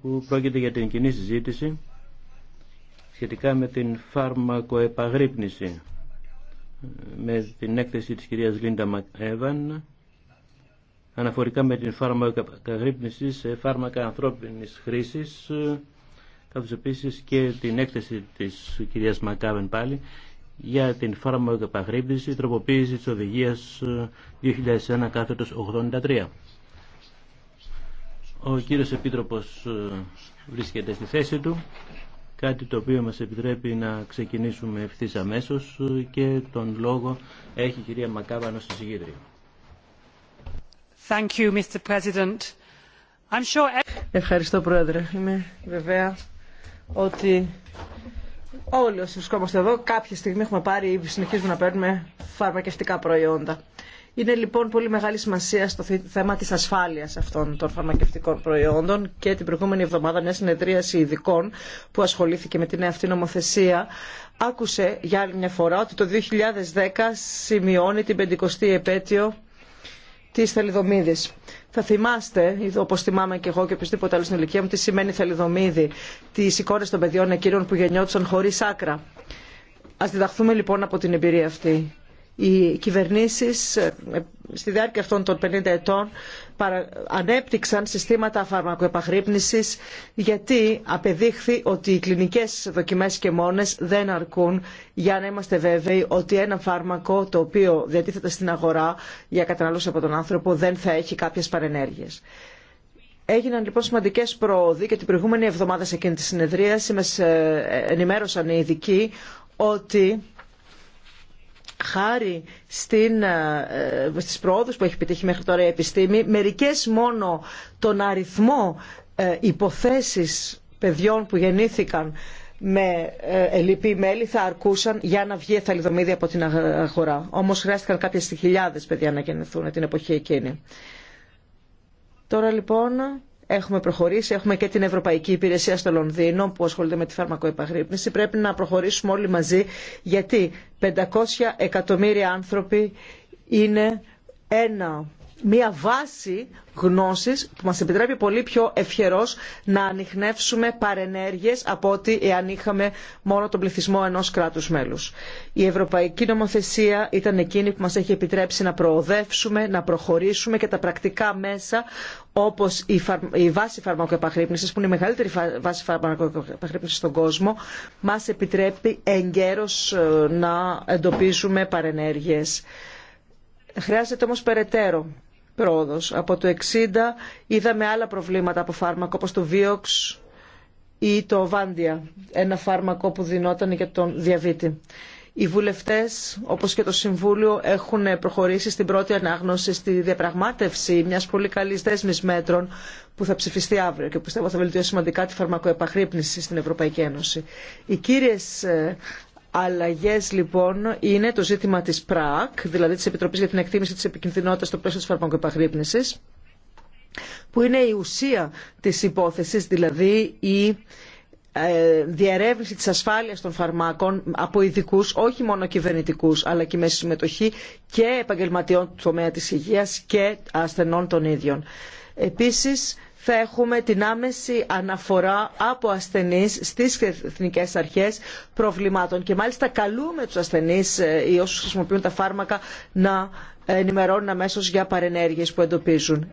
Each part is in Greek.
που πρόκειται για την κοινή συζήτηση σχετικά με την φάρμακοεπαγρύπνηση με την έκθεση της κυρίας Λίντα Μακέβαν αναφορικά με την φάρμακοεπαγρύπνηση σε φάρμακα ανθρώπινης χρήσης καθώς επίσης και την έκθεση της κυρίας Μακάβεν πάλι για την φάρμακοεπαγρύπνηση τροποποίηση της οδηγίας 2001 ε, 83. Ο κύριος Επίτροπος ε, βρίσκεται στη θέση του, κάτι το οποίο μας επιτρέπει να ξεκινήσουμε ευθύ αμέσως ε, και τον λόγο έχει η κυρία Μακάβανο στη Thank you, Mr. President. I'm sure... Ευχαριστώ Πρόεδρε. Είμαι βεβαία ότι όλοι όσοι βρισκόμαστε εδώ κάποια στιγμή έχουμε πάρει ή συνεχίζουμε να παίρνουμε φαρμακευτικά προϊόντα. Είναι λοιπόν πολύ μεγάλη σημασία στο θέμα της ασφάλειας αυτών των φαρμακευτικών προϊόντων και την προηγούμενη εβδομάδα μια συνεδρίαση ειδικών που ασχολήθηκε με την αυτή νομοθεσία άκουσε για άλλη μια φορά ότι το 2010 σημειώνει την 50η επέτειο της θελιδομίδης. Θα θυμάστε, όπω θυμάμαι και εγώ και οποιοδήποτε άλλο στην ηλικία μου, τι σημαίνει θελιδομίδη, τι εικόνε των παιδιών εκείνων που γεννιόντουσαν χωρί άκρα. Α διδαχθούμε λοιπόν από την εμπειρία αυτή οι κυβερνήσεις ε, στη διάρκεια αυτών των 50 ετών ανέπτυξαν συστήματα φαρμακοεπαχρύπνησης γιατί απεδείχθη ότι οι κλινικές δοκιμές και μόνες δεν αρκούν για να είμαστε βέβαιοι ότι ένα φάρμακο το οποίο διατίθεται στην αγορά για κατανάλωση από τον άνθρωπο δεν θα έχει κάποιες παρενέργειες. Έγιναν λοιπόν σημαντικέ πρόοδοι και την προηγούμενη εβδομάδα σε εκείνη τη συνεδρίαση ε, ενημέρωσαν οι ειδικοί ότι χάρη στην, ε, ε, στις προόδους που έχει πετύχει μέχρι τώρα η επιστήμη, μερικές μόνο τον αριθμό ε, υποθέσεις παιδιών που γεννήθηκαν με ελλειπή μέλη θα αρκούσαν για να βγει εθαλιδομίδη από την αγορά. Όμως χρειάστηκαν κάποιες χιλιάδες παιδιά να γεννηθούν την εποχή εκείνη. Τώρα λοιπόν έχουμε προχωρήσει. Έχουμε και την Ευρωπαϊκή Υπηρεσία στο Λονδίνο που ασχολείται με τη φαρμακοεπαγρύπνηση. Πρέπει να προχωρήσουμε όλοι μαζί γιατί 500 εκατομμύρια άνθρωποι είναι ένα μία βάση γνώσης που μας επιτρέπει πολύ πιο ευχερός να ανοιχνεύσουμε παρενέργειες από ότι εάν είχαμε μόνο τον πληθυσμό ενός κράτους μέλους. Η Ευρωπαϊκή Νομοθεσία ήταν εκείνη που μας έχει επιτρέψει να προοδεύσουμε, να προχωρήσουμε και τα πρακτικά μέσα όπως η, βάση φαρμακοεπαχρύπνησης που είναι η μεγαλύτερη βάση φαρμακοεπαχρύπνησης στον κόσμο μας επιτρέπει εγκαίρως ε, να εντοπίζουμε παρενέργειες. Χρειάζεται όμως περαιτέρω από το 1960 είδαμε άλλα προβλήματα από φάρμακο όπως το Βίοξ ή το Βάντια, ένα φάρμακο που δινόταν για τον διαβήτη. Οι βουλευτές, όπως και το Συμβούλιο, έχουν προχωρήσει στην πρώτη ανάγνωση στη διαπραγμάτευση μιας πολύ καλής δέσμης μέτρων που θα ψηφιστεί αύριο και που πιστεύω θα βελτιώσει σημαντικά τη φαρμακοεπαχρύπνηση στην Ευρωπαϊκή Ένωση. Οι κύριες ε, Αλλαγέ λοιπόν είναι το ζήτημα τη ΠΡΑΚ, δηλαδή τη Επιτροπή για την Εκτίμηση τη Επικινδυνότητα στο πλαίσιο τη φαρμακοεπαγρύπνηση, που είναι η ουσία τη υπόθεση, δηλαδή η ε, διερεύνηση της ασφάλειας των φαρμάκων από ειδικού, όχι μόνο κυβερνητικού, αλλά και με συμμετοχή και επαγγελματιών του τομέα της υγείας και ασθενών των ίδιων. Επίσης, θα έχουμε την άμεση αναφορά από ασθενείς στις εθνικές αρχές προβλημάτων. Και μάλιστα καλούμε τους ασθενείς ή ε, όσους χρησιμοποιούν τα φάρμακα να ενημερώνουν αμέσως για παρενέργειες που εντοπίζουν.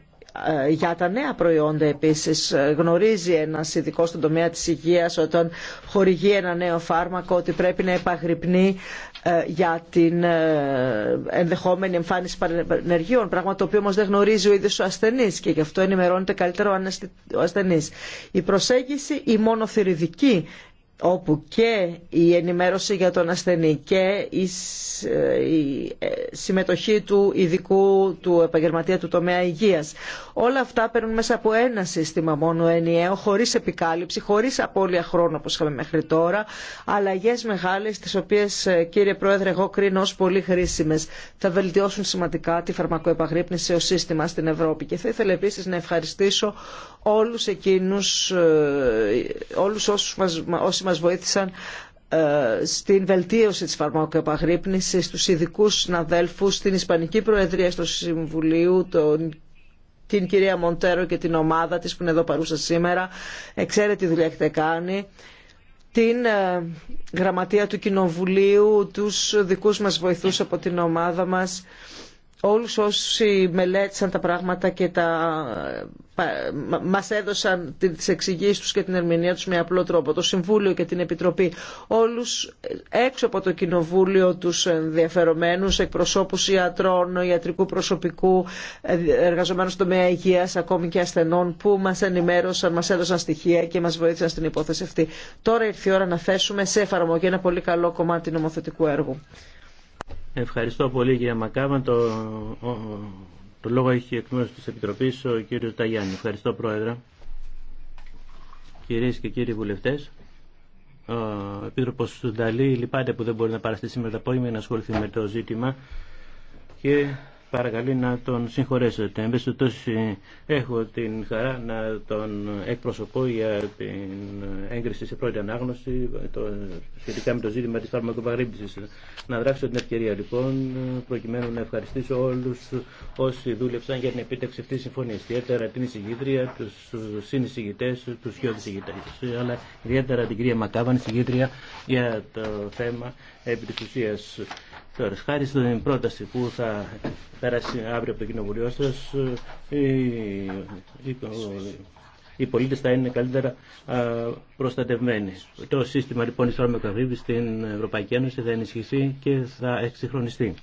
Ε, για τα νέα προϊόντα επίσης ε, γνωρίζει ένας ειδικό στον τομέα της υγείας όταν χορηγεί ένα νέο φάρμακο ότι πρέπει να επαγρυπνεί ε, για την ε, ενδεχόμενη εμφάνιση παρενεργειών, πράγμα το οποίο όμω δεν γνωρίζει ο ίδιο ο ασθενή και γι' αυτό ενημερώνεται καλύτερα ο ασθενή. Η προσέγγιση η μονοθυριδική όπου και η ενημέρωση για τον ασθενή και η ε, ε, συμμετοχή του ειδικού του επαγγελματία του τομέα υγείας. Όλα αυτά παίρνουν μέσα από ένα σύστημα μόνο ενιαίο, χωρίς επικάλυψη, χωρίς απώλεια χρόνου όπως είχαμε μέχρι τώρα, αλλαγές μεγάλες τις οποίες ε, κύριε Πρόεδρε εγώ κρίνω ως πολύ χρήσιμες. Θα βελτιώσουν σημαντικά τη φαρμακοεπαγρύπνηση ως σύστημα στην Ευρώπη και θα ήθελα επίσης να ευχαριστήσω όλους εκείνους, όλους όσους μας, μας βοήθησαν ε, στην βελτίωση τη φαρμακοεπαγρύπνηση, στους ειδικού συναδέλφου, στην Ισπανική Προεδρία στο Συμβουλίο, τον την κυρία Μοντέρο και την ομάδα της που είναι εδώ παρούσα σήμερα. Εξαίρετη δουλειά έχετε κάνει. Την ε, γραμματεία του Κοινοβουλίου, τους δικούς μας βοηθούς από την ομάδα μας όλους όσοι μελέτησαν τα πράγματα και τα... Ε, μας έδωσαν τις εξηγήσεις τους και την ερμηνεία τους με απλό τρόπο, το Συμβούλιο και την Επιτροπή, όλους έξω από το Κοινοβούλιο τους ενδιαφερομένους, εκπροσώπους ιατρών, ιατρικού προσωπικού, ε, εργαζομένους στον τομέα υγείας, ακόμη και ασθενών που μας ενημέρωσαν, μας έδωσαν στοιχεία και μας βοήθησαν στην υπόθεση αυτή. Τώρα ήρθε η ώρα να θέσουμε σε εφαρμογή ένα πολύ καλό κομμάτι νομοθετικού έργου. Ευχαριστώ πολύ κύριε Μακάβαν. Το, το λόγο έχει εκ μέρους της Επιτροπής ο κύριος Ταγιάννη. Ευχαριστώ πρόεδρα, Κυρίες και κύριοι βουλευτές, ο Επίτροπος Νταλή λυπάται που δεν μπορεί να παραστεί σήμερα το απόγευμα να ασχοληθεί με το ζήτημα και παρακαλεί να τον συγχωρέσετε. Εν τόσο έχω την χαρά να τον εκπροσωπώ για την έγκριση σε πρώτη ανάγνωση το, σχετικά με το ζήτημα της φαρμακοπαγρύπησης. Να δράξω την ευκαιρία λοιπόν προκειμένου να ευχαριστήσω όλους όσοι δούλεψαν για την επίτευξη αυτής της συμφωνίας. Ιδιαίτερα την εισηγήτρια, τους συνεισηγητές, τους εισηγητέ, αλλά ιδιαίτερα την κυρία Μακάβαν, εισηγήτρια για το θέμα επί της ουσίας. Τώρα, χάρη στην πρόταση που θα πέρασει αύριο από το Κοινοβουλίο σα, ε, οι πολίτε θα είναι καλύτερα προστατευμένοι. Το σύστημα λοιπόν εισόδημα καβίβη στην Ευρωπαϊκή Ένωση θα ενισχυθεί και θα εξυγχρονιστεί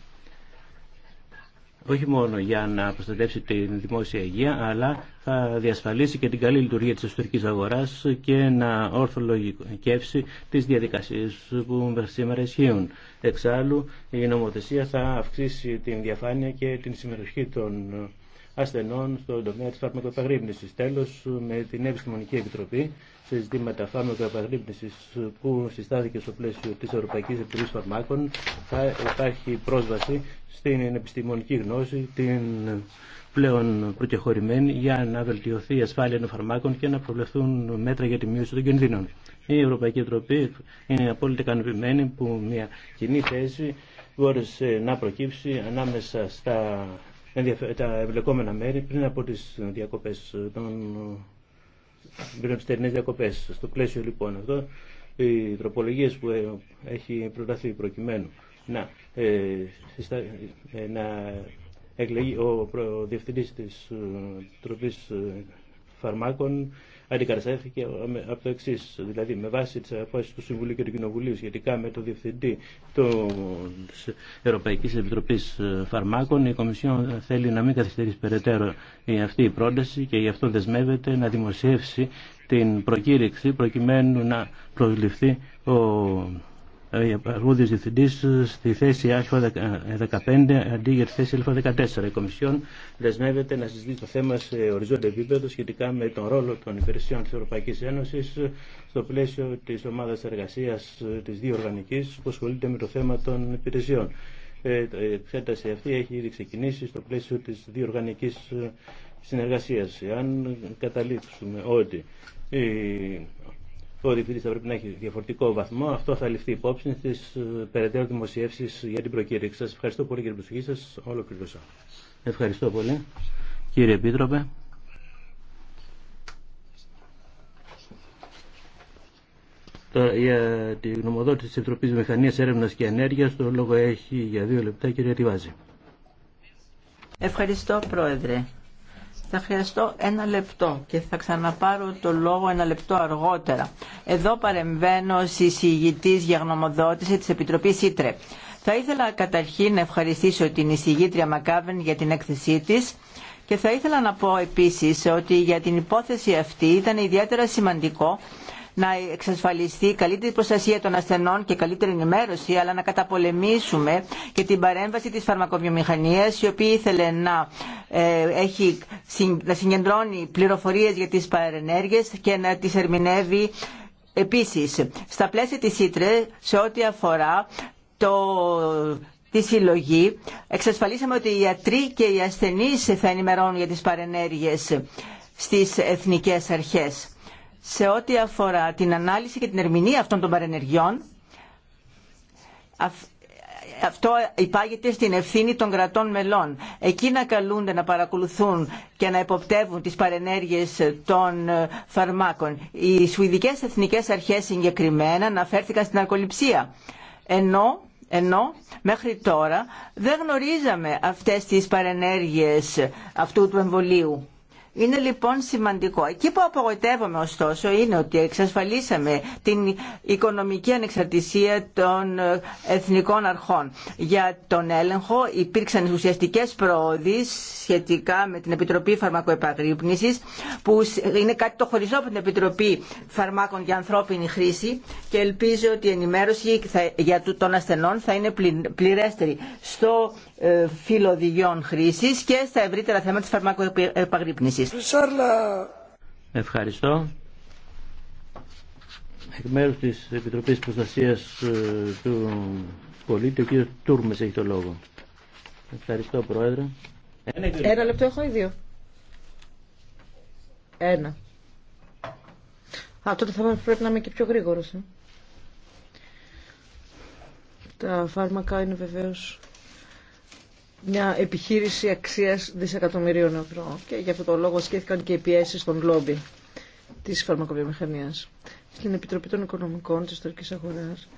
όχι μόνο για να προστατεύσει την δημόσια υγεία, αλλά θα διασφαλίσει και την καλή λειτουργία της εσωτερικής αγοράς και να ορθολογικεύσει τις διαδικασίες που σήμερα ισχύουν. Εξάλλου, η νομοθεσία θα αυξήσει την διαφάνεια και την συμμετοχή των ασθενών στον τομέα τη φαρμακοεπαγρύπνησης. Τέλο με την Επιστημονική Επιτροπή σε ζητήματα φαρμακοεπαγρύπνησης που συστάθηκε στο πλαίσιο τη Ευρωπαϊκή Επιτροπή Φαρμάκων θα υπάρχει πρόσβαση στην επιστημονική γνώση, την πλέον προκεχωρημένη για να βελτιωθεί η ασφάλεια των φαρμάκων και να προβλεφθούν μέτρα για τη μείωση των κινδύνων. Η Ευρωπαϊκή Επιτροπή είναι απόλυτα ικανοποιημένη που μια κοινή θέση μπόρεσε να προκύψει ανάμεσα στα τα εμπλεκόμενα μέρη πριν από τις διακοπές των πριν τερινές διακοπές. Στο πλαίσιο λοιπόν αυτό οι τροπολογίες που ε- έχει προταθεί προκειμένου να, ε, ε, να εκλεγεί ο, ο διευθυντής της ε, Τροπής ε, Φαρμάκων αντικαταστάθηκε από το εξή. Δηλαδή, με βάση τι αποφάσει του Συμβουλίου και του Κοινοβουλίου σχετικά με το διευθυντή τη Ευρωπαϊκή Επιτροπή Φαρμάκων, η Κομισιόν θέλει να μην καθυστερήσει περαιτέρω αυτή η πρόταση και γι' αυτό δεσμεύεται να δημοσιεύσει την προκήρυξη προκειμένου να προσληφθεί ο ε, αρμόδιο διευθυντή στη θέση Α15 αντί για τη θέση Α14. Η Κομισιόν δεσμεύεται να συζητήσει το θέμα σε οριζόντιο επίπεδο σχετικά με τον ρόλο των υπηρεσιών τη Ευρωπαϊκή Ένωση, στο πλαίσιο τη ομάδα εργασία τη Διόργανική που ασχολείται με το θέμα των υπηρεσιών. Ε, η εξέταση αυτή έχει ήδη ξεκινήσει στο πλαίσιο τη διοργανική συνεργασία. Αν καταλήξουμε ότι η διευθυντή θα πρέπει να έχει διαφορετικό βαθμό. Αυτό θα ληφθεί υπόψη στι ε, περαιτέρω δημοσιεύσει για την προκήρυξη. Σα ευχαριστώ πολύ κύριε την σα. Ολοκληρώσα. Ευχαριστώ πολύ. Κύριε Επίτροπε. για τη γνωμοδότηση της Επιτροπής Μηχανία Έρευνας και Ενέργειας το λόγο έχει για δύο λεπτά η κυρία Τιβάζη. Ευχαριστώ Πρόεδρε. Θα χρειαστώ ένα λεπτό και θα ξαναπάρω το λόγο ένα λεπτό αργότερα. Εδώ παρεμβαίνω συγητή για γνωμοδότηση της Επιτροπής Ήτρε. Θα ήθελα καταρχήν να ευχαριστήσω την εισηγήτρια Μακάβεν για την έκθεσή της και θα ήθελα να πω επίσης ότι για την υπόθεση αυτή ήταν ιδιαίτερα σημαντικό να εξασφαλιστεί καλύτερη προστασία των ασθενών και καλύτερη ενημέρωση, αλλά να καταπολεμήσουμε και την παρέμβαση της φαρμακοβιομηχανίας, η οποία ήθελε να, ε, έχει, να συγκεντρώνει πληροφορίες για τις παρενέργειες και να τις ερμηνεύει Επίσης, στα πλαίσια της ΣΥΤΡΕ, σε ό,τι αφορά το, τη συλλογή, εξασφαλίσαμε ότι οι ιατροί και οι ασθενείς θα ενημερώνουν για τις παρενέργειες στις εθνικές αρχές σε ό,τι αφορά την ανάλυση και την ερμηνεία αυτών των παρενεργειών, αυτό υπάγεται στην ευθύνη των κρατών μελών. Εκεί να καλούνται να παρακολουθούν και να υποπτεύουν τις παρενέργειες των ε, φαρμάκων. Οι Σουηδικές Εθνικές Αρχές συγκεκριμένα αναφέρθηκαν στην αρκοληψία. Ενώ, ενώ μέχρι τώρα δεν γνωρίζαμε αυτές τις παρενέργειες αυτού του εμβολίου. Είναι λοιπόν σημαντικό. Εκεί που απογοητεύομαι ωστόσο είναι ότι εξασφαλίσαμε την οικονομική ανεξαρτησία των ε, εθνικών αρχών. Για τον έλεγχο υπήρξαν ουσιαστικές προόδεις σχετικά με την Επιτροπή Φαρμακοεπαγρύπνησης που είναι κάτι το χωριστό από την Επιτροπή Φαρμάκων για Ανθρώπινη Χρήση και ελπίζω ότι η ενημέρωση για τον ασθενών θα είναι πληρέστερη στο ε, φύλλο χρήσης και στα ευρύτερα θέματα της φαρμακοεπαγρύπνησης. Ευχαριστώ. Εκ μέρους της Επιτροπής Προστασίας ε, του Πολίτη, ο κύριος Τούρμες έχει το λόγο. Ευχαριστώ, Πρόεδρε. Ένα λεπτό έχω ή δύο. Ένα. Α, τότε θα πρέπει να είμαι και πιο γρήγορος. Ε. Τα φάρμακα είναι βεβαίως μια επιχείρηση αξίας δισεκατομμυρίων ευρώ και γι' αυτό το λόγο σκέφτηκαν και οι πιέσει των λόμπι της φαρμακοβιομηχανίας. Στην Επιτροπή των Οικονομικών της Ιστορικής Αγοράς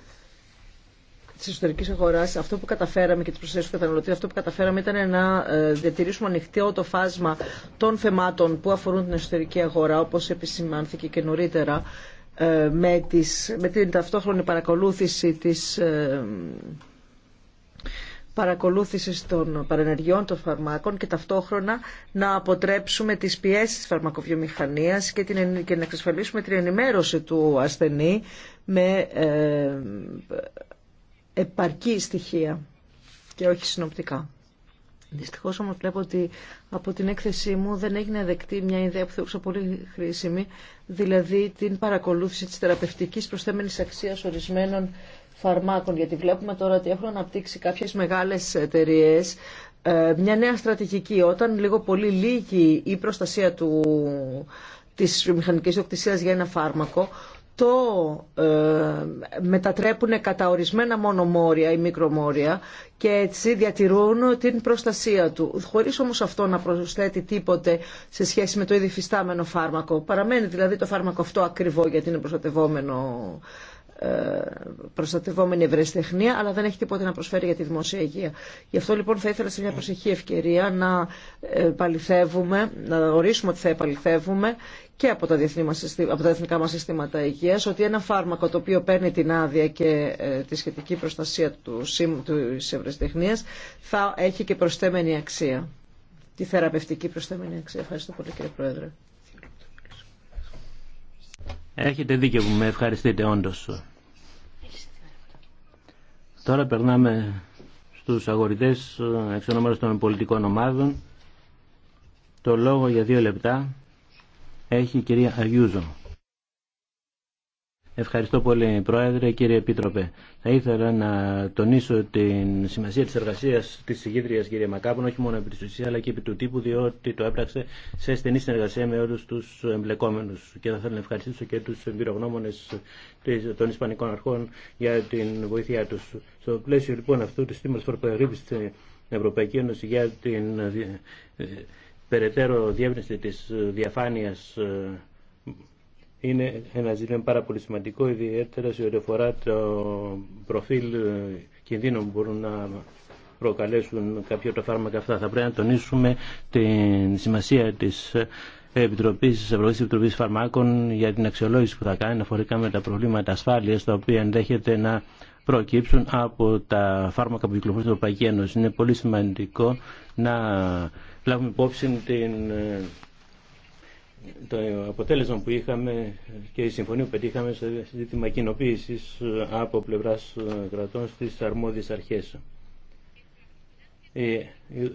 τη εσωτερική αγορά, αυτό που καταφέραμε και τη προσθέσει του καταναλωτή, αυτό που καταφέραμε ήταν να ε, διατηρήσουμε ανοιχτό το φάσμα των θεμάτων που αφορούν την εσωτερική αγορά, όπω επισημάνθηκε και νωρίτερα, ε, με, τις, με την ταυτόχρονη παρακολούθηση της ε, παρακολούθησης των παρενεργειών των φαρμάκων και ταυτόχρονα να αποτρέψουμε τις πιέσεις της φαρμακοβιομηχανίας και, την, και να εξασφαλίσουμε την ενημέρωση του ασθενή με ε, επαρκή στοιχεία και όχι συνοπτικά. Δυστυχώ όμω βλέπω ότι από την έκθεσή μου δεν έγινε δεκτή μια ιδέα που θεωρούσα πολύ χρήσιμη, δηλαδή την παρακολούθηση τη θεραπευτική προσθέμενη αξία ορισμένων φαρμάκων, γιατί βλέπουμε τώρα ότι έχουν αναπτύξει κάποιες μεγάλες εταιρείε ε, μια νέα στρατηγική. Όταν λίγο πολύ λίγη η προστασία του, της μηχανικής διοκτησίας για ένα φάρμακο, το ε, μετατρέπουν κατά ορισμένα μόνο μόρια ή μικρομόρια και έτσι διατηρούν την προστασία του, χωρίς όμως αυτό να προσθέτει τίποτε σε σχέση με το ήδη φυστάμενο φάρμακο. Παραμένει δηλαδή το φάρμακο αυτό ακριβό γιατί είναι προστατευόμενο ε, προστατευόμενη ευρεσιτεχνία, αλλά δεν έχει τίποτα να προσφέρει για τη δημόσια υγεία. Γι' αυτό λοιπόν θα ήθελα σε μια προσεχή ευκαιρία να επαληθεύουμε, να ορίσουμε ότι θα επαληθεύουμε και από τα, μας, εθνικά μας συστήματα υγείας ότι ένα φάρμακο το οποίο παίρνει την άδεια και ε, τη σχετική προστασία του, της ευρεσιτεχνίας θα έχει και προσθέμενη αξία. Τη θεραπευτική προσθέμενη αξία. Ευχαριστώ πολύ κύριε Πρόεδρε. Έχετε δίκιο που με ευχαριστείτε όντως. Τώρα περνάμε στους αγορητές εξ των πολιτικών ομάδων. Το λόγο για δύο λεπτά έχει η κυρία Αγιούζο. Ευχαριστώ πολύ Πρόεδρε, κύριε Επίτροπε. Θα ήθελα να τονίσω την σημασία της εργασίας της συγκίτριας κύριε Μακάβων, όχι μόνο επί της ουσίας αλλά και επί του τύπου, διότι το έπραξε σε στενή συνεργασία με όλους τους εμπλεκόμενους. Και θα ήθελα να ευχαριστήσω και τους εμπειρογνώμονες των Ισπανικών Αρχών για την βοήθειά τους. Στο πλαίσιο λοιπόν αυτού του στήματο προπαγρύπησης στην Ευρωπαϊκή Ένωση για την ε, ε, περαιτέρω διεύρυνση της διαφάνειας ε, είναι ένα ζήτημα πάρα πολύ σημαντικό, ιδιαίτερα σε ό,τι αφορά το προφίλ ε, κινδύνων που μπορούν να προκαλέσουν κάποια τα φάρμακα αυτά. Θα πρέπει να τονίσουμε την σημασία της Επιτροπής, της Ευρωπαϊκής Επιτροπής Φαρμάκων για την αξιολόγηση που θα κάνει αφορικά με τα προβλήματα ασφάλειας τα οποία ενδέχεται να προκύψουν από τα φάρμακα που κυκλοφορούν στην Ευρωπαϊκή Ένωση. Είναι πολύ σημαντικό να λάβουμε υπόψη την ε, το αποτέλεσμα που είχαμε και η συμφωνία που πετύχαμε σε ζήτημα κοινοποίηση ε, από πλευράς ε, κρατών στις αρμόδιες αρχές. Ε,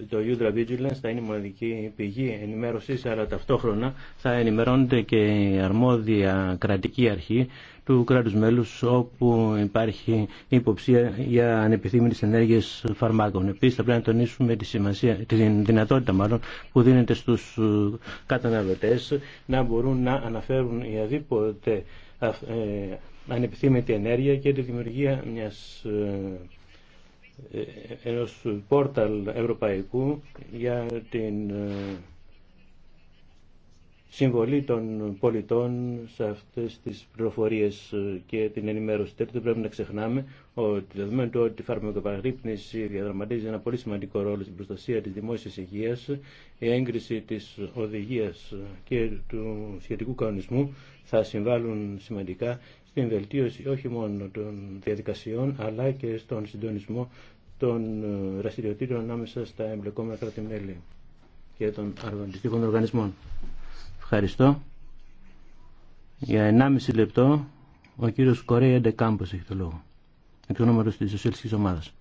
το Udra Vigilance θα είναι η μοναδική πηγή ενημέρωση, αλλά ταυτόχρονα θα ενημερώνεται και η αρμόδια κρατική αρχή του κράτους μέλους όπου υπάρχει υποψία για ανεπιθύμητες ενέργειες φαρμάκων. Επίσης θα πρέπει να τονίσουμε τη, σημασία, τη δυνατότητα μάλλον, που δίνεται στους ε, καταναλωτές να μπορούν να αναφέρουν η αδίποτε ε, ανεπιθύμητη ενέργεια και τη δημιουργία μιας ε, ενός πόρταλ ευρωπαϊκού για την συμβολή των πολιτών σε αυτές τις πληροφορίες ε, και την ενημέρωση. Τέτοιο δεν πρέπει να ξεχνάμε ότι δεδομένου του ότι η φαρμακοπαγρύπνηση διαδραματίζει ένα πολύ σημαντικό ρόλο στην προστασία της δημόσιας υγείας, η έγκριση της οδηγίας ε, και του σχετικού κανονισμού θα συμβάλλουν σημαντικά στην βελτίωση όχι μόνο των διαδικασιών αλλά και στον συντονισμό των ε, δραστηριοτήτων ανάμεσα στα εμπλεκόμενα κράτη-μέλη και των αντιστοίχων οργανισμών. Ευχαριστώ. Για 1,5 λεπτό ο κύριος Κορέα Εντεκάμπος έχει το λόγο. Εκ του τη της Ομάδα. Ομάδας.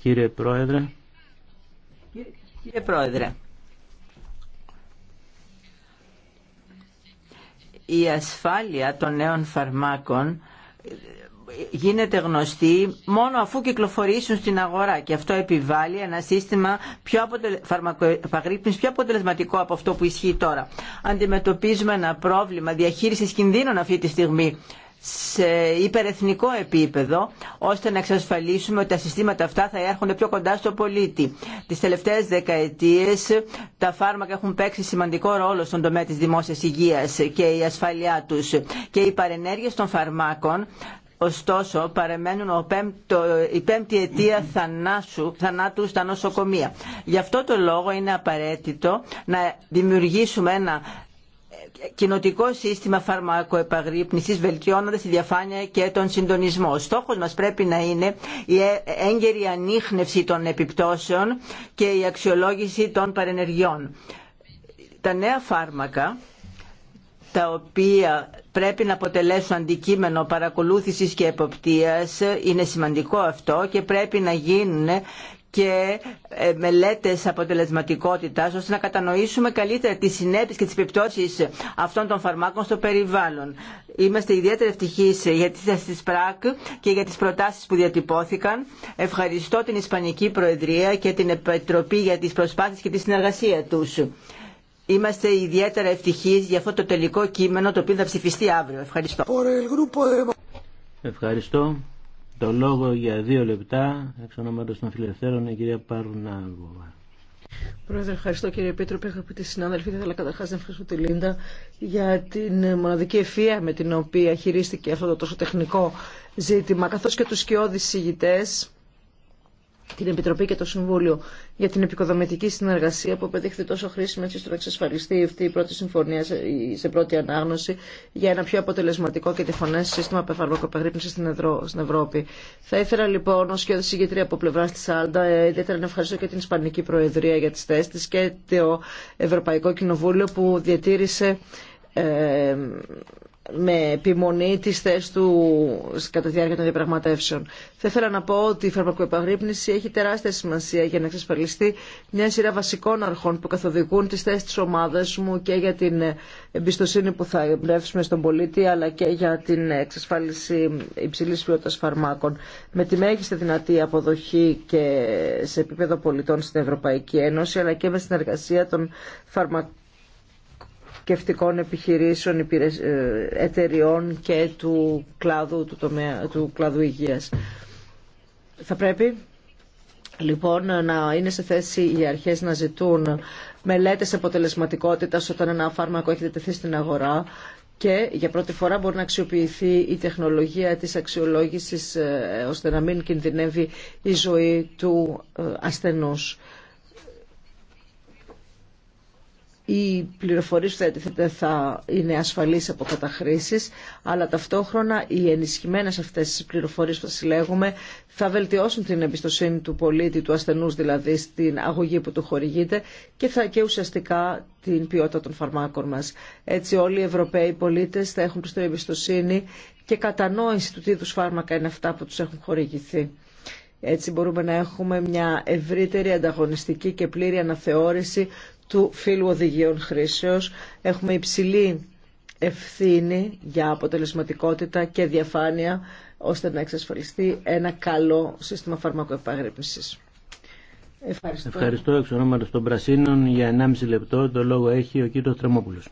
Κύριε Πρόεδρε. Κύριε Πρόεδρε. Η ασφάλεια των νέων φαρμάκων γίνεται γνωστή μόνο αφού κυκλοφορήσουν στην αγορά και αυτό επιβάλλει ένα σύστημα πιο αποτελε... πιο αποτελεσματικό από αυτό που ισχύει τώρα. Αντιμετωπίζουμε ένα πρόβλημα διαχείρισης κινδύνων αυτή τη στιγμή σε υπερεθνικό επίπεδο ώστε να εξασφαλίσουμε ότι τα συστήματα αυτά θα έρχονται πιο κοντά στο πολίτη. Τις τελευταίες δεκαετίες τα φάρμακα έχουν παίξει σημαντικό ρόλο στον τομέα της δημόσιας υγείας και η ασφαλειά τους και οι παρενέργειες των φαρμάκων Ωστόσο, παρεμένουν ο πέμπτο, η πέμπτη αιτία θανάσου, θανάτου στα νοσοκομεία. Γι' αυτό το λόγο είναι απαραίτητο να δημιουργήσουμε ένα κοινοτικό σύστημα φαρμακοεπαγρύπνησης βελτιώνοντας τη διαφάνεια και τον συντονισμό. Ο στόχος μας πρέπει να είναι η ε, έγκαιρη ανείχνευση των επιπτώσεων και η αξιολόγηση των παρενεργειών. Τα νέα φάρμακα τα οποία πρέπει να αποτελέσουν αντικείμενο παρακολούθησης και εποπτείας. Είναι σημαντικό αυτό και πρέπει να γίνουν και ε, μελέτες αποτελεσματικότητας ώστε να κατανοήσουμε καλύτερα τις συνέπειες και τις επιπτώσεις αυτών των φαρμάκων στο περιβάλλον. Είμαστε ιδιαίτερα ευτυχείς για τη θέση της ΠΡΑΚ και για τις προτάσεις που διατυπώθηκαν. Ευχαριστώ την Ισπανική Προεδρία και την Επιτροπή για τις προσπάθειες και τη συνεργασία τους. Είμαστε ιδιαίτερα ευτυχείς για αυτό το τελικό κείμενο το οποίο θα ψηφιστεί αύριο. Ευχαριστώ. Ευχαριστώ. Το λόγο για δύο λεπτά, εξ ονόματος των φιλελευθέρων, η κυρία Παρουνάγωβα. Πρόεδρε, ευχαριστώ κύριε Επίτροπε, αγαπητοί συνάδελφοι. Θα ήθελα καταρχά να ευχαριστώ τη Λίντα για την μοναδική ευφία με την οποία χειρίστηκε αυτό το τόσο τεχνικό ζήτημα, καθώ και του σκιώδει συγητές την Επιτροπή και το Συμβούλιο για την επικοδομητική συνεργασία που επεδείχθη τόσο χρήσιμη έτσι ώστε να εξασφαλιστεί αυτή η πρώτη συμφωνία σε πρώτη ανάγνωση για ένα πιο αποτελεσματικό και τυφωνέ σύστημα απεφαρμακοπαγρύπνηση στην, Ευρώ, στην Ευρώπη. Θα ήθελα λοιπόν ω και συγκεκριτή από πλευρά τη Άλντα, ε, ιδιαίτερα να ευχαριστώ και την Ισπανική Προεδρία για τι θέσει τη και το Ευρωπαϊκό Κοινοβούλιο που διατήρησε ε, με επιμονή τι θέσει του κατά τη διάρκεια των διαπραγματεύσεων. Θα ήθελα να πω ότι η φαρμακοεπαγρύπνηση έχει τεράστια σημασία για να εξασφαλιστεί μια σειρά βασικών αρχών που καθοδηγούν τι θέσει τη ομάδα μου και για την εμπιστοσύνη που θα εμπνεύσουμε στον πολίτη αλλά και για την εξασφάλιση υψηλή ποιότητα φαρμάκων. Με τη μέγιστη δυνατή αποδοχή και σε επίπεδο πολιτών στην Ευρωπαϊκή Ένωση αλλά και με συνεργασία των φαρμακών θρησκευτικών επιχειρήσεων, ε, εταιριών και του κλάδου, του, του κλάδου υγείας. Θα πρέπει λοιπόν να είναι σε θέση οι αρχές να ζητούν μελέτες αποτελεσματικότητας όταν ένα φάρμακο έχει τεθεί στην αγορά και για πρώτη φορά μπορεί να αξιοποιηθεί η τεχνολογία της αξιολόγησης ε, ώστε να μην κινδυνεύει η ζωή του ε, ασθενούς. οι πληροφορίες που θα θα είναι ασφαλείς από καταχρήσεις, αλλά ταυτόχρονα οι ενισχυμένες αυτές τις πληροφορίες που θα συλλέγουμε θα βελτιώσουν την εμπιστοσύνη του πολίτη, του ασθενούς δηλαδή, στην αγωγή που του χορηγείται και θα και ουσιαστικά την ποιότητα των φαρμάκων μας. Έτσι όλοι οι Ευρωπαίοι πολίτες θα έχουν την εμπιστοσύνη και κατανόηση του τι είδους φάρμακα είναι αυτά που του έχουν χορηγηθεί. Έτσι μπορούμε να έχουμε μια ευρύτερη ανταγωνιστική και πλήρη αναθεώρηση του φύλου οδηγίων χρήσεως. Έχουμε υψηλή ευθύνη για αποτελεσματικότητα και διαφάνεια ώστε να εξασφαλιστεί ένα καλό σύστημα φαρμακοεπαγρύπνησης. Ευχαριστώ. Ευχαριστώ εξ ονόματος των Πρασίνων. Για 1,5 λεπτό το λόγο έχει ο κύριος Τρεμόπουλος.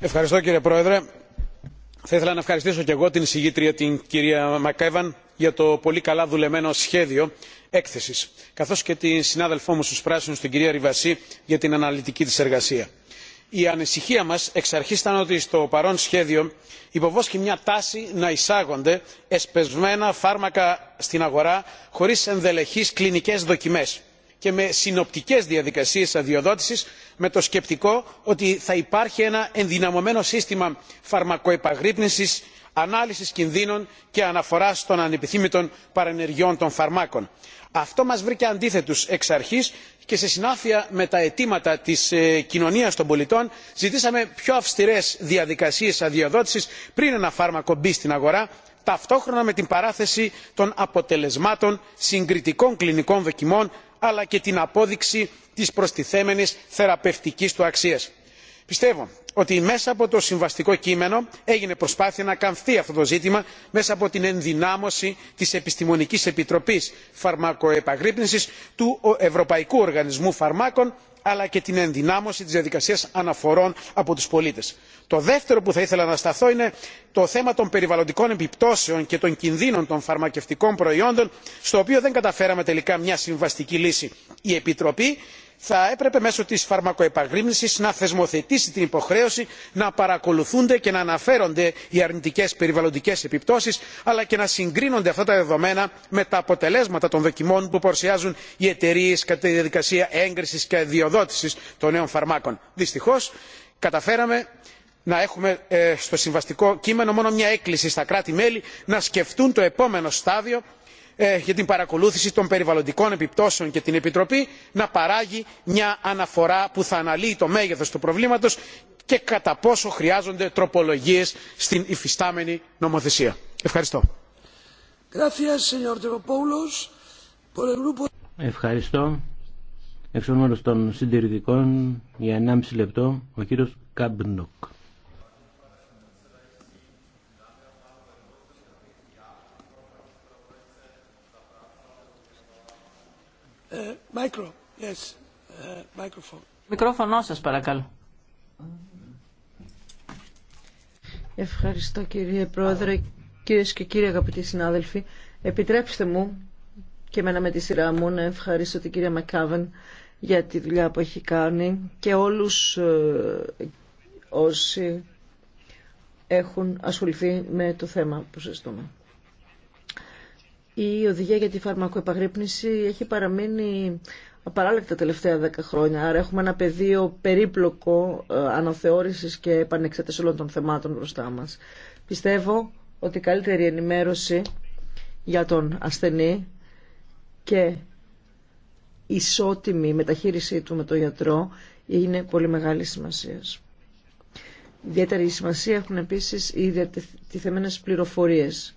Ευχαριστώ κύριε Πρόεδρε. Θα ήθελα να ευχαριστήσω και εγώ την συγγήτρια την κυρία Μακέβαν για το πολύ καλά δουλεμένο σχέδιο έκθεση καθώς και τη συνάδελφό μου στους πράσινους την κυρία ριβασί για την αναλυτική της εργασία. η ανησυχία μας εξ αρχής ήταν ότι στο παρόν σχέδιο υποβόσκει μια τάση να εισάγονται εσπευσμένα φάρμακα στην αγορά χωρίς ενδελεχείς κλινικές δοκιμές και με συνοπτικές διαδικασίες αδειοδότησης με το σκεπτικό ότι θα υπάρχει ένα ενδυναμωμένο σύστημα φαρμακοεπαγρύπνησης ανάλυση κινδύνων και αναφοράς των ανεπιθύμητων παρενεργειών των φαρμάκων. αυτό μας βρήκε αντίθετους εξ αρχή, και σε συνάφεια με τα αιτήματα τη ε, κοινωνίας των πολιτών ζητήσαμε πιο αυστηρές διαδικασίες αδειοδότηση πριν ένα φάρμακο μπει στην αγορά ταυτόχρονα με την παράθεση των αποτελεσμάτων συγκριτικών κλινικών δοκιμών αλλά και την απόδειξη της προστιθέμενης θεραπευτικής του αξίας πιστεύω ότι μέσα από το συμβαστικό κείμενο έγινε προσπάθεια να καμφθεί αυτό το ζήτημα μέσα από την ενδυνάμωση της επιστημονικής επιτροπής φαρμακοεπαγρύπνησης του ευρωπαϊκού οργανισμού φαρμάκων αλλά και την ενδυνάμωση της διαδικασίας αναφορών από τους πολίτες. το δεύτερο που θα ήθελα να σταθώ είναι το θέμα των περιβαλλοντικών επιπτώσεων και των κινδύνων των φαρμακευτικών προϊόντων στο οποίο δεν καταφέραμε τελικά μια συμβαστική λύση. η επιτροπή θα έπρεπε μέσω της φαρμακοεπαγρύπνησης να θεσμοθετήσει την υποχρέωση να παρακολουθούνται και να αναφέρονται οι αρνητικές περιβαλλοντικές επιπτώσεις αλλά και να συγκρίνονται αυτά τα δεδομένα με τα αποτελέσματα των δοκιμών που παρουσιάζουν οι εταιρείε κατά τη διαδικασία έγκρισης και διοδότησης των νέων φαρμάκων. δυστυχώς καταφέραμε να έχουμε ε, στο συμβαστικό κείμενο μόνο μια έκκληση στα κράτη μέλη να σκεφτούν το επόμενο στάδιο ε, για την παρακολούθηση των περιβαλλοντικών επιπτώσεων και την επιτροπή να παράγει μια αναφορά που θα αναλύει το μέγεθος του προβλήματος και κατά πόσο χρειάζονται τροπολογίες στην υφιστάμενη νομοθεσία. ευχαριστώ. Ευχαριστώ. Εξ των συντηρητικών για 1,5 λεπτό ο κύριος Καμπνοκ. Ε, Μικρόφωνο σας παρακαλώ. Ευχαριστώ κύριε Πρόεδρε, κύριε και κύριοι αγαπητοί συνάδελφοι. Επιτρέψτε μου και εμένα με τη σειρά μου να ευχαριστώ την κυρία Μακάβεν για τη δουλειά που έχει κάνει και όλους ε, όσοι έχουν ασχοληθεί με το θέμα που συζητούμε. Η οδηγία για τη φαρμακοεπαγρύπνηση έχει παραμείνει απαράλλακτα τα τελευταία δέκα χρόνια. Άρα έχουμε ένα πεδίο περίπλοκο ε, αναθεώρησης και επανεξέταση όλων των θεμάτων μπροστά μας. Πιστεύω ότι η καλύτερη ενημέρωση για τον ασθενή και ισότιμη μεταχείρισή του με τον γιατρό είναι πολύ μεγάλη σημασία. Ιδιαίτερη σημασία έχουν επίσης οι διατεθειμένες πληροφορίες